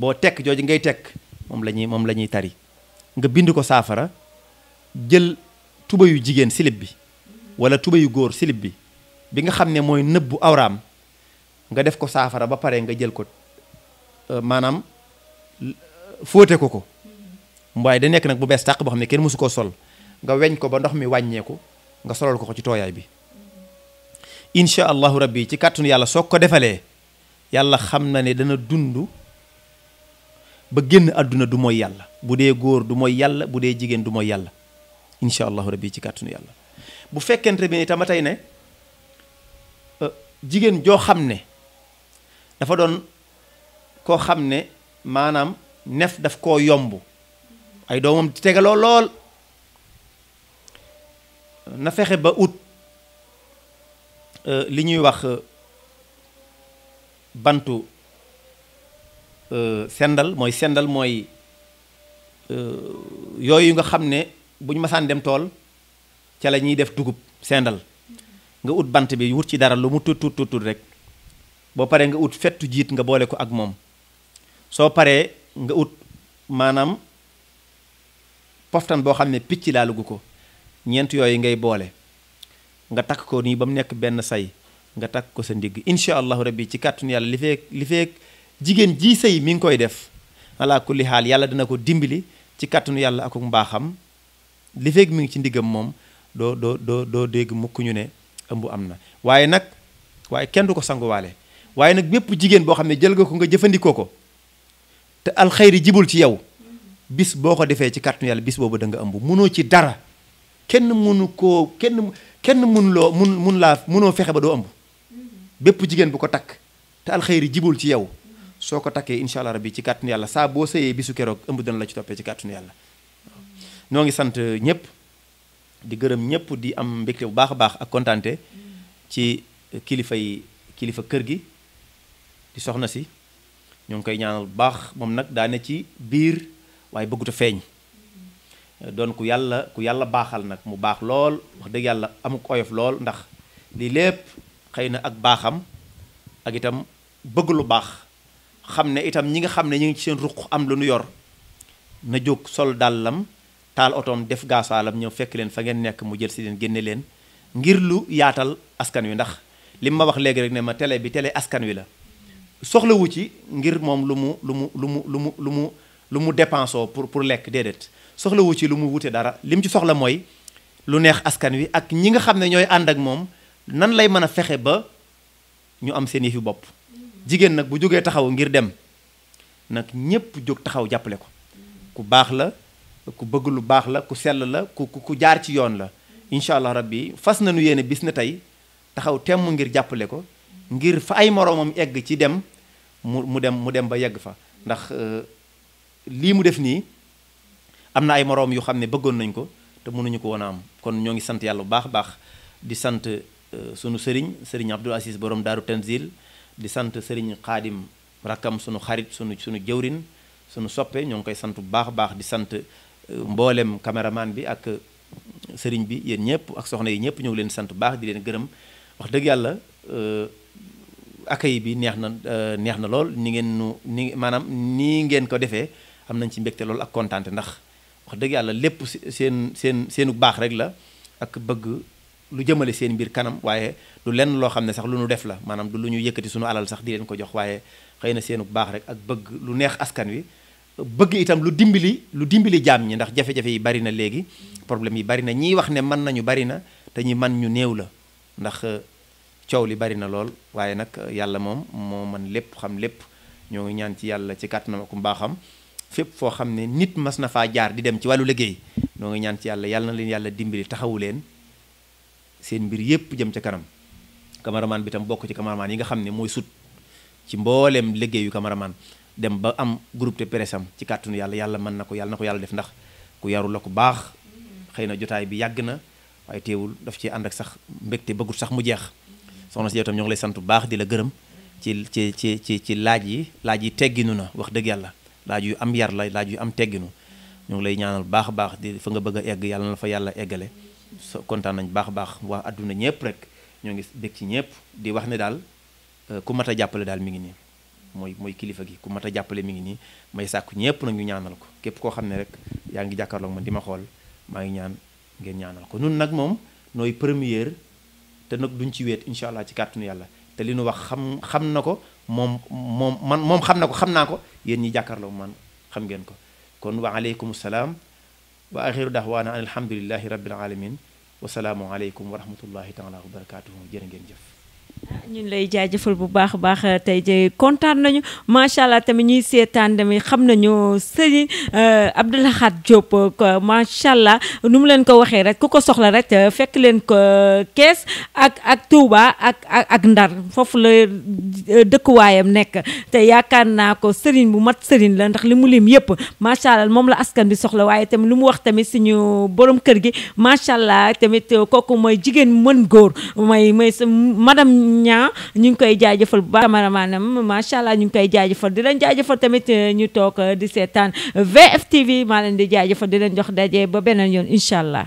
boo tekk jooju ngay tekk moom la ñuy moom la ñuy tari nga bind ko saafara jël tuba yu jigéen silib bi wala tuba yu góor silib bi bi nga xam ne mooy nëbbu awraam nga def ko saafara ba pare nga jël ko euh, maanaam euh, fóote ko ko waaye da nekk nag bu bees tàq boo xam ne kenn mësu koo sol nga weñ ko ba ndox mi wàññeeku nga solal ko ko ci tooyaay bi incha allahu rabbi ci kàttun yàlla soo ko defalee yàlla xam na ne dana dund ba génn àdduna du mooy yàlla bu dee góor du mooy yàlla bu dee jigéen du mooy yàlla incha allahu rabbi ci kàttun yàlla bu fekkente bi ni tama tey ne euh, jigéen joo xam ne dafa doon koo xam ne maanaam nef daf koo yomb ay doomam di tegaloo lool na fexe ba ut euh, li ñuy wax euh, bantu euh, sendal mooy sendal mooy yooyu nga xam ne bu ñu masaan dem tool ca la ñuy def dugub sendal nga ut bant bi wut ci dara lu mu tut tut tut rek boo paree nga ut fettu jiit nga boole ko ak moom soo paree nga ut maanaam poftan boo xam ne picc laalugu ko ñeent yooyu ngay boole nga takk ko nii ba mu nekk benn say nga takk ko sa ndigg incha allahu rabbi ci kàttun yàlla li feek li feek jigéen ji sëy mi ngi koy def ala kulli xaal yàlla dina ko dimbali ci kàttun yàlla ak mbaaxam li feek mi ngi ci ndiggam moom doo doo doo doo dégg mukk ne ëmb am na waaye nag waaye kenn du ko sanguwaale waaye nag bépp jigéen boo xam ne jël nga ko nga jëfandikoo ko te alxayri jibul ci yow bis boo ko defee ci kàttanu yàlla bis boobu da nga ëmb munoo ci dara kenn munu koo kenn kenn mun loo munu laa munoo fexe ba doo ëmb bépp jigéen bu ko takk te alxayri jibul ci yow soo ko takkee incha allah rabbi ci kàttanu yàlla saa boo sëyee bisu keroog ëmb dana la ci toppee ci kàttanu yàlla noo ngi sant ñëpp di gërëm ñëpp di am mbégte bu baax a baax ak kontaante ci kilifa kilifa kër gi di soxna si ñu ngi koy ñaanal bu baax moom nag daane ci biir waaye bëggut a feeñ doon ku yàlla ku yàlla baaxal nag mu baax lool wax dëgg yàlla amu ko oyof lool ndax lii lépp xëy na ak baaxam ak itam bëgg lu baax xam ne itam ñi nga xam ne ñu ngi ci seen ruq am lu nu yor na jóg sol dàllam taal otoom def gaasaalam ñëw fekk leen fa ngeen nekk mu jël si leen génne leen ngir lu yaatal askan wi ndax li ma wax léegi rek ne ma télé bi tele askan wi la soxlawu ci ngir moom lu mu lu mu lu mu lu mu lu mu lu mu dépensoo pour pour lekk déedéet soxlawu ci lu mu wutee dara lim ci soxla mooy lu neex askan wi ak ñi nga xam ne ñooy ànd ak moom nan lay mën a fexe ba ñu am seen yëfi bopp jigéen nag bu jógee taxaw ngir dem nag ñépp jóg taxaw jàppale ko ku baax la ku bëgg lu baax la ku sell la ku ku jaar ci yoon la incha allah rabbi fas nañu yéene bis na tey taxaw temm ngir jàppale ko ngir fa ay moroomam egg ci dem mu mu dem mu dem ba yegg fa ndax euh, lii mu def nii am na ay moroom yu xam ne bëggoon nañ ko te mënuñu ko woon a am kon ñoo ngi sant yàlla bu baax baax di sant euh, sunu sëriñ sëriñ Abdul Aziz borom daaru Tanzil di sant sëriñ xaadim rakkam sunu xarit sunu sunu jëwrin sunu soppe ñoo ngi koy sant bu baax baax di sant euh, mbooleem caméraman bi ak sëriñ bi yéen ñëpp ak soxna yi ñëpp ñoo leen sant bu baax di leen gërëm wax dëgg yàlla accueil bi neex na euh, neex na lool ni ngeen nu ni maanaam nii ngeen ko defee am nañ ci mbégte lool ak kontaante ndax wax dëgg yàlla lépp seen seen seenu baax rek la ak bëgg lu jëmale seen mbir kanam waaye lu lenn loo xam ne sax lu nu def la maanaam du lu ñu yëkkati suñu alal sax di leen ko jox waaye xëy na seenu baax rek ak bëgg lu neex askan wi bëgg itam lu dimbali lu dimbali jaam ñi ndax jafe-jafe yi bari na léegi problème yi bari na ñiy wax ne mën nañu bari na te ñi ñu néew la euh, ciow li bari na lool waaye nag eh, yàlla moom moo man lépp xam lépp ñoo ngi ñaan ci yàlla ci kàttanam ak mbaaxam fépp foo xam ne nit mas na faa jaar di dem ci wàllu liggéey noo ngi ñaan ci yàlla yàlla na leen yàlla dimbali taxawu leen seen mbir yépp jëm ca kanam cameraman bi tam bokk ci cameraman yi nga xam ne mooy sut ci mbooleem liggéeyu cameraman dem ba am groupe de presse am ci kàttanu yàlla yàlla man na ko yàlla na ko yàlla def ndax ku yaru la ku baax xëy na jotaay bi yàgg na waaye teewul daf ci ànd ak sax mbégte bëggut sax mu jeex soxna si yow tam ngi lay sant bu baax di la gërëm ci ci ci ci ci laaj yi laaj yi tegginu na wax dëgg yàlla laaj yu am yar la laaj yu am tegginu ñoo ngi lay ñaanal baax a baax di fa nga bëgg a egg yàlla na fa yàlla eggale kontaan nañ baax a baax waa àdduna ñëpp rek ñoo ngi bég ci ñëpp di wax ne daal euh, ku mat a jàppale daal mi ngi nii mooy mooy kilifa gi ku mat a jàppale mi ngi nii may sàkku ñëpp nag ñu ñaanal ko képp koo xam ne rek yaa ngi jàkkaarloog man di ma xool maa ngi ñaan ngeen te nag duñ ci weet incha allah ci kàttanu yàlla te li nu wax xam xam na ko moom moom man moom xam na ko xam naa ko yéen ñi jàkkaarloo man xam ngeen ko kon wa alaykum salaam wa axiru daxwaana an alhamdulilahi rabbil alamin wasalaamu alaykum wa rahmatullahi taala wa barakatuhu jërë ngeen jëf ñun lay jëfal bu baax baax euh, tey jii kontaan nañu macha allah tamit ñuy seetaan tamit xam nañu sëñ euh, Abdou xaat Diop macha allah nu mu leen ko waxee rek ku ko soxla rek euh, fekk leen ko kees ak ak tuuba ak ak Ndar foofu la dëkkuwaayam nekk te yaakaar naa ko sëriñ bu mat sëriñ la ndax li mu lim yëpp macha allah moom la askan bi soxla waaye tamit lu mu wax tamit suñu borom kër gi macha allah tamit kooku mooy jigéen mën góor mooy mooy ñaa ñu ngi koy jaajëfal bu baax camaramanam macha allah ñu ngi koy jaajëfal di leen jaajëfal tamit euh, ñu toog euh, di seetaan VFtv maa leen di jaajëfal di leen jox dajee ba beneen yoon incha allah.